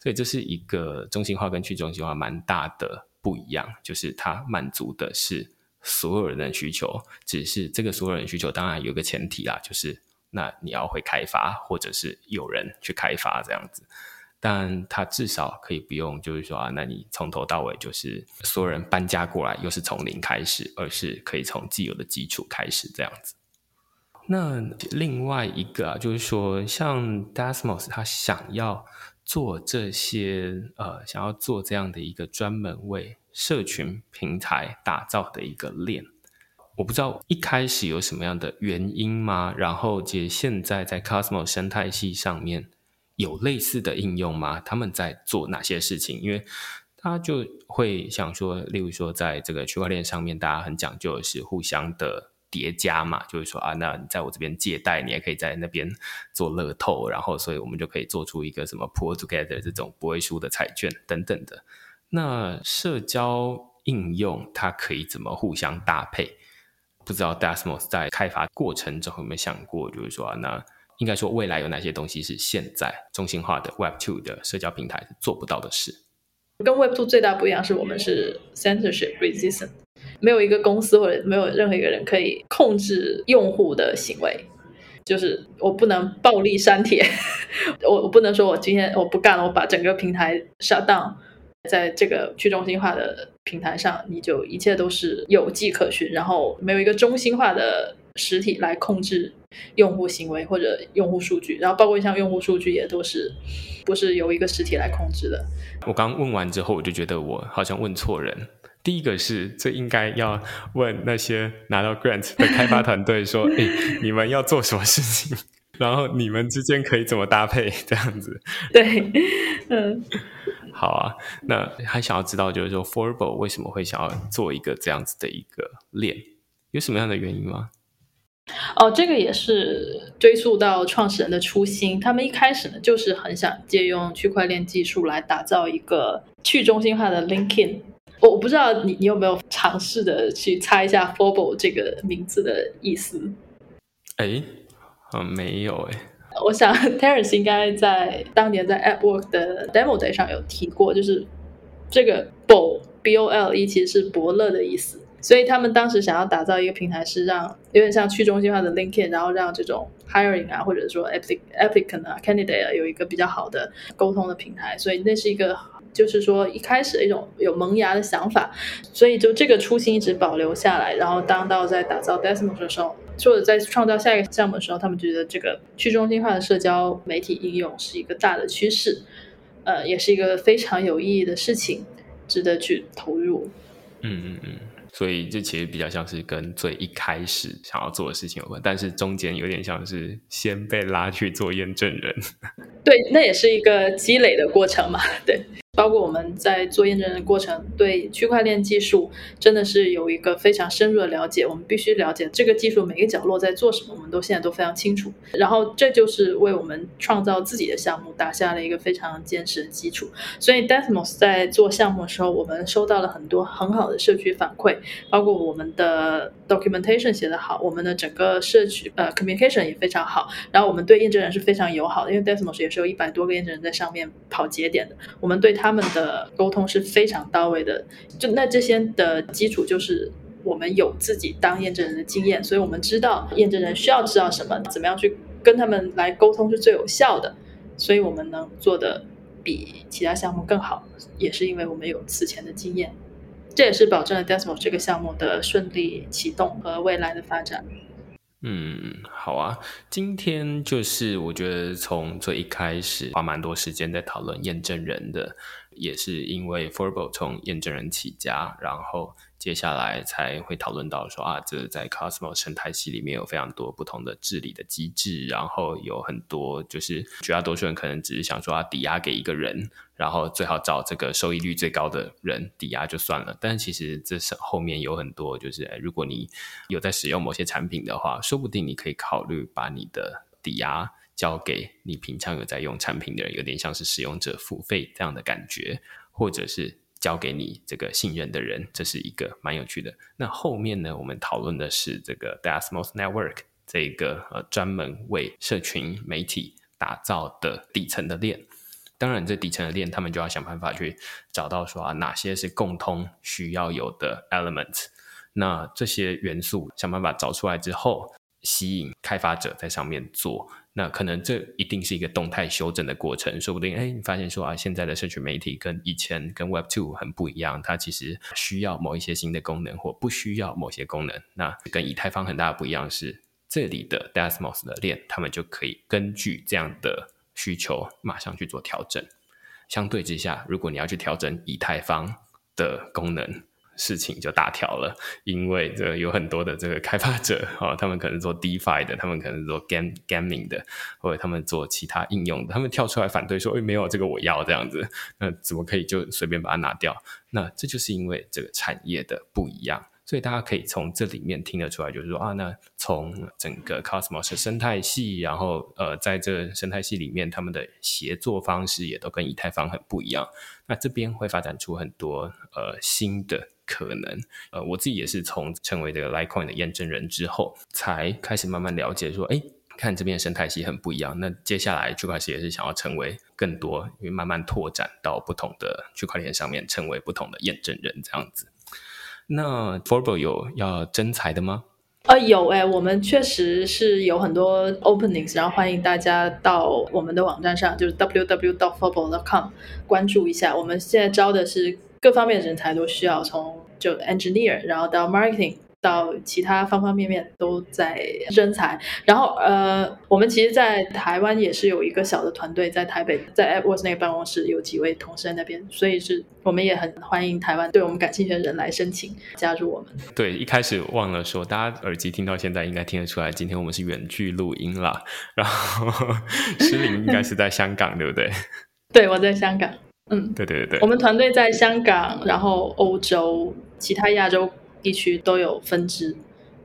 所以這是一個中心化跟去中心化蠻大的不一樣，就是它滿足的是所有人的需求，只是這個所有人需求，當然有一個前提啊，就是那你要會開發，或者是有人去開發這樣子，但他至少可以不用，就是說啊，那你從頭到尾就是所有人搬家過來，又是從零開始，而是可以從既有的基礎開始這樣子。那另外一個啊，就是說像 Desmos 他想要。做這些呃，想要做這樣的一個專門為社群平台打造的一個鏈，我不知道一開始有什麼樣的原因嗎？然後，其實現在在 Cosmos 生態系上面有類似的應用嗎？他們在做哪些事情？因為大家就會想說，例如說在這個區塊鏈上面，大家很講究的是互相的。疊加嘛，就是說啊，那你在我這邊借貸，你也可以在那邊做樂透，然後，所以我們就可以做出一個什麼 Pull Together 這種不會輸的彩券，等等的。那社交應用它可以怎麼互相搭配？不知道 Desmos 在開發過程中有沒有想過，就是說啊，那應該說，未來有哪些東西是現在中心化的 Web2 的社交平台是做不到的事？跟 Web2 最大不一樣是我們是 censorship resistant。沒有一個公司或者沒有任何一個人可以控制用戶的行為，就是我不能暴力刪帖，我 我不能說我今天我不幹了，我把整個平台 shut down。在這個去中心化的平台上，你就一切都是有跡可循，然後沒有一個中心化的實體來控制用戶行為或者用戶數據，然後包括像用戶數據也都是不是由一個實體來控制的。我剛問完之後，我就覺得我好像問錯人。第一個是，這應該要問那些拿到 Grant 的開發團隊說、 欸：“你們要做什麼事情？ 然後你們之間可以怎麼搭配？這樣子？”對，嗯 好啊。那還想要知道，就是說，Forbole 為什麼會想要做一個這樣子的一個鏈？有什麼樣的原因嗎？哦，這個也是追溯到創始人的初心。他們一開始呢，就是很想借用區塊鏈技術來打造一個去中心化的 LinkedIn。我我不知道你你有沒有嘗試的去猜一下 Forbole 這個名字的意思？哎、欸，嗯，沒有誒、欸。我想 Terence 應該在當年在 AppWorks 的 Demo Day 上有提過，就是這個 Bole，B-O-L-E 其實是伯樂的意思。所以他們當時想要打造一個平台，是讓有點像去中心化的 LinkedIn，然後讓這種 Hiring 啊，或者說 Applicant 啊，Candidate 啊有一個比較好的溝通的平台。所以那是一個。就是說，一開始的一種有萌芽的想法，所以就這個初心一直保留下來，然後當到在打造 Desmos 的時候，或者在創造下一個項目的時候，他們覺得這個去中心化的社交媒體應用是一個大的趨勢，呃，也是一個非常有意義的事情，值得去投入。嗯嗯嗯，所以這其實比較像是跟最一開始想要做的事情有關，但是中間有點像是先被拉去做驗證人。對，那也是一個積累的過程嘛，對。包括我們在做驗證人的過程，對區塊鏈技術真的是有一個非常深入的了解。我們必須了解這個技術每個角落在做什麼，我們都現在都非常清楚。然後，這就是為我們創造自己的項目打下了一個非常堅實的基礎。所以 Desmos 在做項目的時候，我們收到了很多很好的社區反饋，包括我們的 documentation 寫得好，我們的整個社區呃 communication 也非常好。然後，我們對驗證人是非常友好的，因為 Desmos 也是有一百多個驗證人在上面跑節點的。我們對他。他們的溝通是非常到位的，就那這些的基礎就是我們有自己當驗證人的經驗，所以我們知道驗證人需要知道什麼，怎麼樣去跟他們來溝通是最有效的，所以我們能做的比其他項目更好，也是因為我們有此前的經驗，這也是保證了 Desmos 這個項目的順利啟動和未來的發展。嗯，好啊。今天就是我覺得從最一開始花蠻多時間在討論驗證人的，也是因為 Forbole 從驗證人起家，然後。接下來才會討論到說啊，這在 Cosmos 生態系裡面有非常多不同的治理的機制，然後有很多就是絕大多數人可能只是想說啊，抵押給一個人，然後最好找這個收益率最高的人抵押就算了。但其實這是後面有很多就是、哎，如果你有在使用某些產品的話，說不定你可以考慮把你的抵押交給你平常有在用產品的人，有點像是使用者付費這樣的感覺，或者是。交給你這個信任的人，這是一個蠻有趣的。那後面呢，我們討論的是這個 Desmos Network，這個呃專門為社群媒體打造的底層的鏈。當然，這底層的鏈，他們就要想辦法去找到說啊，哪些是共通需要有的 element。那這些元素想辦法找出來之後，吸引開發者在上面做。那可能這一定是一個動態修正的過程，說不定哎，你發現說啊，現在的社群媒體跟以前跟 Web Two 很不一樣，它其實需要某一些新的功能或不需要某些功能。那跟以太坊很大的不一樣是，這裡的 Desmos 的鏈，他們就可以根據這樣的需求馬上去做調整。相對之下，如果你要去調整以太坊的功能，事情就大條了，因為這有很多的這個開發者啊、哦，他們可能做 DeFi 的，他們可能做 Game Gaming 的，或者他們做其他應用的，他們跳出來反對說：“誒、欸，沒有這個我要這樣子，那怎麼可以就隨便把它拿掉？”那這就是因為這個產業的不一樣。所以大家可以從這裡面聽得出來，就是說啊，那從整個 Cosmos 生態系，然後呃，在這生態系裡面，他們的協作方式也都跟以太坊很不一樣。那這邊會發展出很多呃新的可能。呃，我自己也是從成為這個 Litecoin 的驗證人之後，才開始慢慢了解說，哎、欸，看這邊生態系很不一樣。那接下來區塊鏈也是想要成為更多，因為慢慢拓展到不同的區塊鏈上面，成為不同的驗證人這樣子。那 Forbole 有要徵才的嗎？呃，有哎、欸，我們確實是有很多 openings，然後歡迎大家到我們的網站上，就是 www.forbole.com 關注一下。我們現在招的是各方面的人才，都需要從就 engineer，然後到 marketing。到其他方方面面都在徵才，然後呃，我們其實，在台灣也是有一個小的團隊，在台北，在 AppWorks 那個辦公室有幾位同事在那邊，所以是我們也很歡迎台灣對我們感興趣的人來申請加入我們。對，一開始忘了說，大家耳機聽到現在應該聽得出來，今天我們是遠距錄音啦。然後 Shilin 應該是在香港， 對不對？對，我在香港。嗯，對，對對對，我們團隊在香港，然後歐洲，其他亞洲。地區都有分支，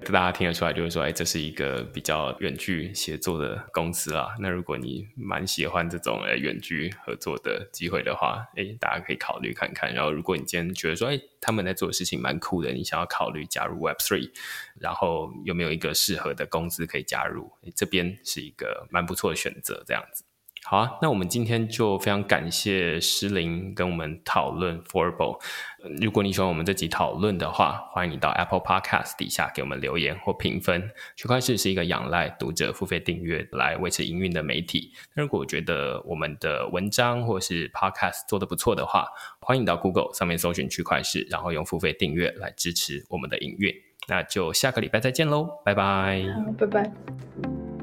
大家聽得出來，就是說，哎、欸，這是一個比較遠距協作的公司啦。那如果你蠻喜歡這種哎、欸，遠距合作的機會的話，哎、欸，大家可以考慮看看。然後，如果你今天覺得說，哎、欸，他們在做的事情蠻酷的，你想要考慮加入 Web Three，然後有沒有一個適合的公司可以加入？欸，這邊是一個蠻不錯的選擇，這樣子。好啊，那我們今天就非常感謝詩林跟我們討論 Forbole、嗯。如果你喜歡我們這集討論的話，歡迎你到 Apple Podcast 底下給我們留言或評分。區塊勢是是一個仰賴讀者付費訂閱來維持營運的媒體。那如果覺得我們的文章或是 Podcast 做得不錯的話，歡迎到 Google 上面搜尋區塊勢，然後用付費訂閱來支持我們的營運。那就下個禮拜再見嘍，拜拜。好，拜拜。